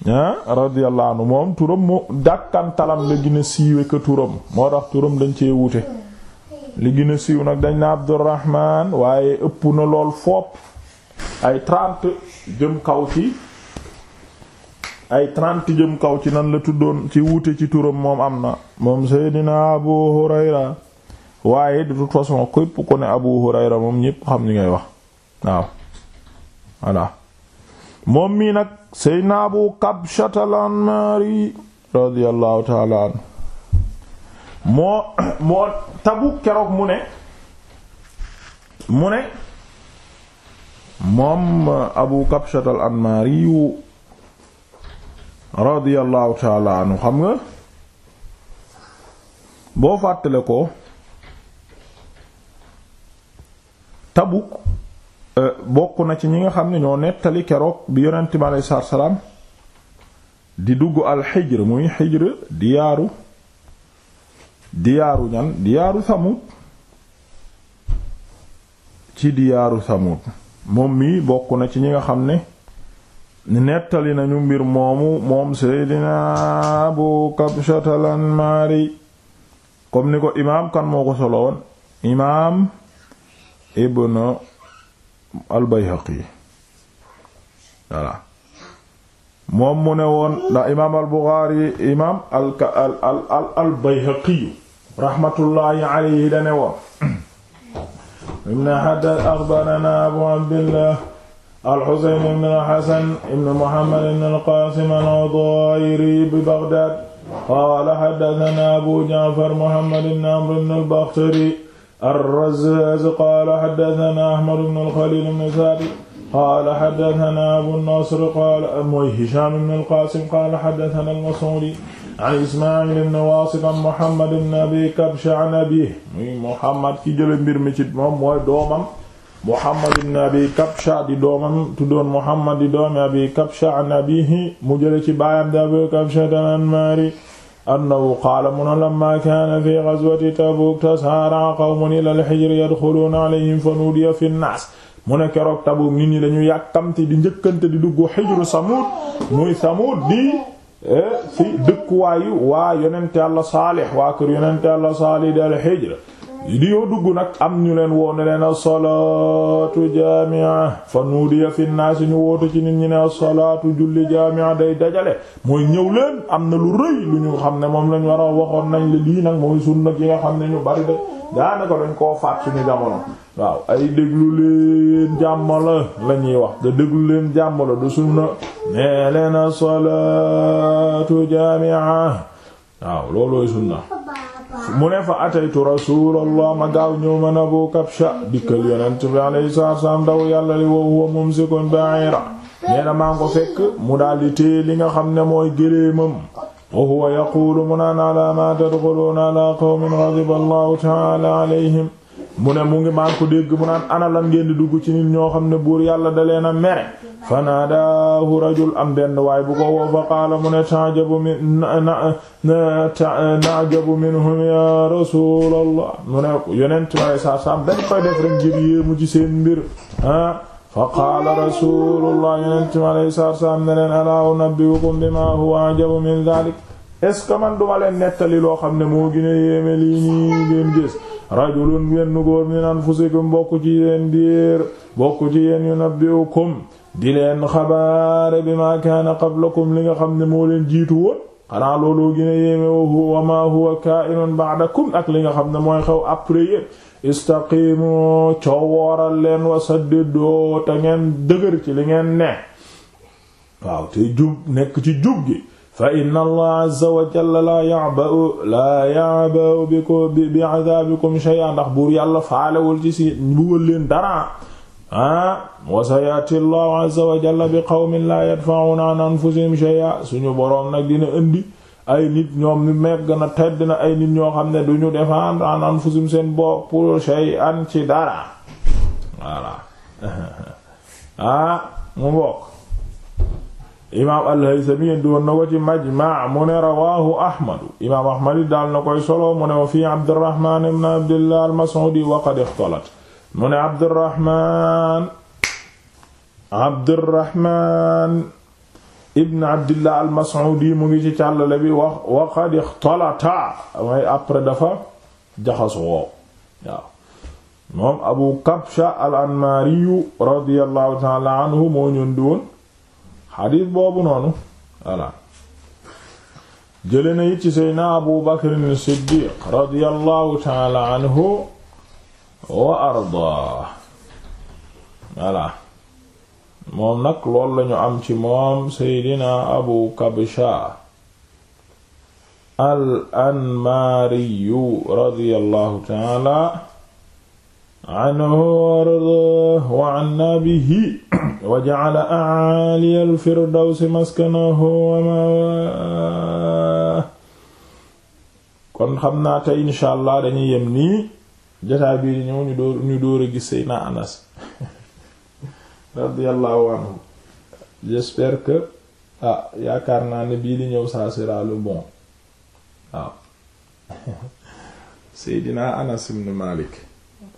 hein radiyallahu anhu moom turam mu dàkkantalam la gën a ko turam moo tax turam dañ cee wuute li gën siiw nag dañ na Abdurrahman waaye ëpp na lool foop ay trente jëm kaw ci ay trente jëm kaw ci nan la tuddoon ci wuute ci turam moom am na moom Seydina Abu Hurayra waaye de toute façon képp ku ne Abu Hurayra moom ñépp xam ni ngay wax waaw voilà moom mii nag Seydina Abu Kabshat al-Anmari radiyallahu ta'ala anhu moo moo Tabuk keroog mu ne mu ne moom Abu Kabshat al-Anmari radiyallahu taala anhu xam nga boo fàttale ko Tabuk euh, bokk na ci ñi nga xam ne ñoo nettali keroog bi yonent bi aleyhi salaatu salaam di dugg alxijr muy xijr diyaaru diyaaru ñan diyaaru Samud ci diyaaru Samud moom mii bokk na ci ñi nga xam ne nettali nañu mbir moomu moom seydina abu kabshat al anmaari comme ni ko imaam kan moo ko soloon imaam ibn al bayhaqi voilà moom mu ne woon ndax imaam al buxaari imaam al al al al bayhaqi raxmatullaahi alayhi dane woon ibn haddad axbarana abu abdillah al-Husayn ibn al-Hasan ibn Muhammad ibn al-Qasim al-Adayri bi Baghdad qaala haddathana Abu Ja'far Muhammad ibn Amr ibn al-Bakhtari ar-Razzaz qaala haddathana Ahmad ibn al-Khalil ibn Thabit qaala haddathana Abu an-Nasr qaala mooy Hisham ibn al-Qasim qaala haddathana al-Mas'udi an Isma'il ibn Wasit an Muhammad ibn Abi Kabsha an abiihi muy Muhammad ki jële mbir mi ci moom mooy doomam Muhammad ibn Abi Kabsha di doomam tuddoon Muhammad di doomi Abi Kabsha an abihi ci baayam di Abi Kabsha al-Anmari annahu qaala mu ne lamma kaana fi ghazwati Tabuk tasaara'a qawmun ila al-hijr yadkhuluuna alayhim fa nuudiya fi an-naas mu Tabuk nit ñi dañu di njëkkante di dugg hijru Samuud muy Samuud di fi eh, dëkkuwaayu waa yonent Yàlla Saalih waa di al-Hijr di yoo dugg nag am ñu leen woo leen as-salaatu jaami'a fa nuudiya fi naas ñu woote ci nit ñi ne as-salaatu julli jaami'a day dajale mooy ñëw leen am na lu rëy lu ñu xam ne moom lañu war waxoon nañ la lii nag mooy sunna gi nga xam ne ñu bari de daanaka dañ koo faat suñu jamono waaw ay déglu leen jàmm la ñuy wax da déglu leen jàmm du sunna ne leen as-salaatu jaami'a waaw loolooy sunna mu ne fa ataytu rasulallah ma gaaw ñëw man abu kabsha dikkal yonent bi alayhi salaam daw yàlla li wa huwa mumsikun ba'ira nee na maa ngi ko mu daldi li nga xam ne mooy géléemam wa huwa yaquulu mu naan ala ma tadxuluuna ala qawmin ghadiba allahu ta'ala alayhim mu ne mu ngi maan ko dégg mu naan ana lan ngeen di dugg ci nit ñoo xam ne buur yàlla da leen a mere fanaadahu rajul am benn waay bu ko woo fa qaala mu ne tajabu min najabu minhum mu ne yonent ma sa sam dañ koy def rek ngir yéemu ci seen mbir ah fa qaala rasulullah yonent mi aleyi saatu ne leen alaa unabbiukum bima huwa ajabu min dalik est man duma leen nettali loo xam ne moo gën a yéeme lii nii ngeen gis rajulun wenn góor min anfusikum bokk ci yeen biir bokk ci yeen yunabbi'ukum di leen xabaare bi ma kaana qablakum li nga xam ne moo leen jiitu woon xanaa loolu gën a yéeme wa ma huwa kaa'inun ba'dakum ak li nga xam ne mooy xew après yéen istaqimu coowooral leen wa saddidu te ngeen dëgër ci li ngeen ne waaw te jub nekk ci jub gi fa inna allah azza wa jalla laa ya'ba'u laa bi ko bi bi adaabikum shay'an ndax buur yàlla faalewul ci si mbugal leen dara ah wa sayaati allah azza wa jalla bi qawmin laa yadfa'una an anfusihim shay'a suñu boroom nag dina indi ay nit ñoom mi megg na tedd na ay nit ñoo xam ne du ñu an anfusihim seen bopp shay'an ci dara voilà ah mu bokk imaam al-Haythami indi woon na ko ci Majma' mu ne rawaahu Ahmad imaam Ahmad it daal na koy solo mu ne wa fii Abdurrahman ibn Abdillah al-Mas'udi wa qad ixtalat mu ne Abdurrahman Abdurrahman ibn Abdillah al-Mas'udi mu ngi ci càllale bi wax wa qad ixtalata waaye après dafa jaxasoo waaw moom Abu Kabsha al-Anmari radiyallahu ta'ala anhu moo ñëw di woon xadiis boobu noonu voilà jële na it ci seydna abu bakrin siddiq radiyallahu taala anhu wa arda voilà moom nag loolu lañu am ci moom seydina abu kabsha al anmaariyu radiyallahu taala anhu wardah wa anna bihi wa ja'ala a'ali al-firdawsi maskanahu wa kon xam naa tey insha allah dañuy yem nii jataa bii ñëw ñu dóor ñu dóor a gis Seydina Anas radiyallahu anhu j'espère que ah, yaakaar naa ne bii di ñëw ça sera le bon waaw Anas ibn Malik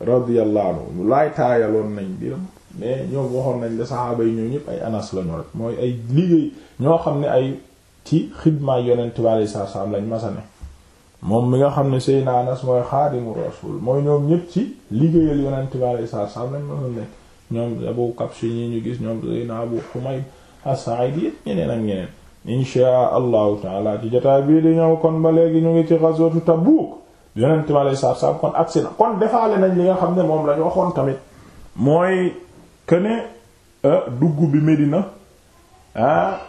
radiyallahu anhu laay taayaloon nañ biram mais ñoom waxoon nañ la saxaaba yi ñoo ñëpp ay anas lañu rek mooy ay liggéey ñoo xam ne ay ci xidmaa yonent bi alayhi salaam lañ masa moom mi nga xam ne Seydina Anas mooy xaadimu rasul mooy ñoom ñëpp ci liggéeyal yonent bi alayhi salaam lañ masa ne ñoom Abu Kabsh ñi ñu gis ñoom Seydina Abu Humayd as-Sa'idi ñeneen ak ñeneen inshaa allahu taala ci jotaay bii di kon ba léegi ñu ngi ci ghazwatu Tabuk yonent bi aleyhi salaatu salaam kon agsi na kon defaale nañ li nga xam ne moom lañ waxoon tamit mooy këne euh, dugg bi Medina ah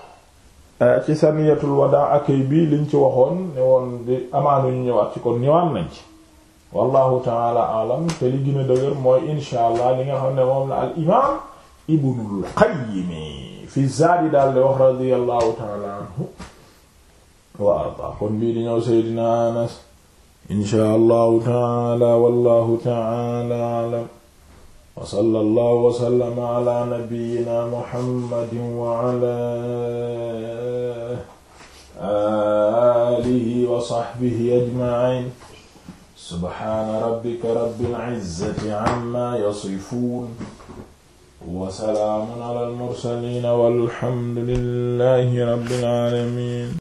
euh, ci saniyatul wadaa akay bi liñ ci waxoon ne woon di amaanu ñu ñëwaat ci kon ñëwaat nañ ci wallahu taala alam te li gën a dëgër mooy insha allah li nga xam ne moom la al imaam ibnul qayyim fi zaadi daal di wax radiyallahu taala anhu wa arda kon bii di ñëw seydina inshaa allahu taala wallahu taala alam wa sallallahu wa sallama ala nabiyyina muhammadin wa ala alihi wa sahbihi ajma'in subhaana rabbika rabbil izzati amma yasifun wa salaamun ala al mursaliin walhamdulillahi rabbil aalamiin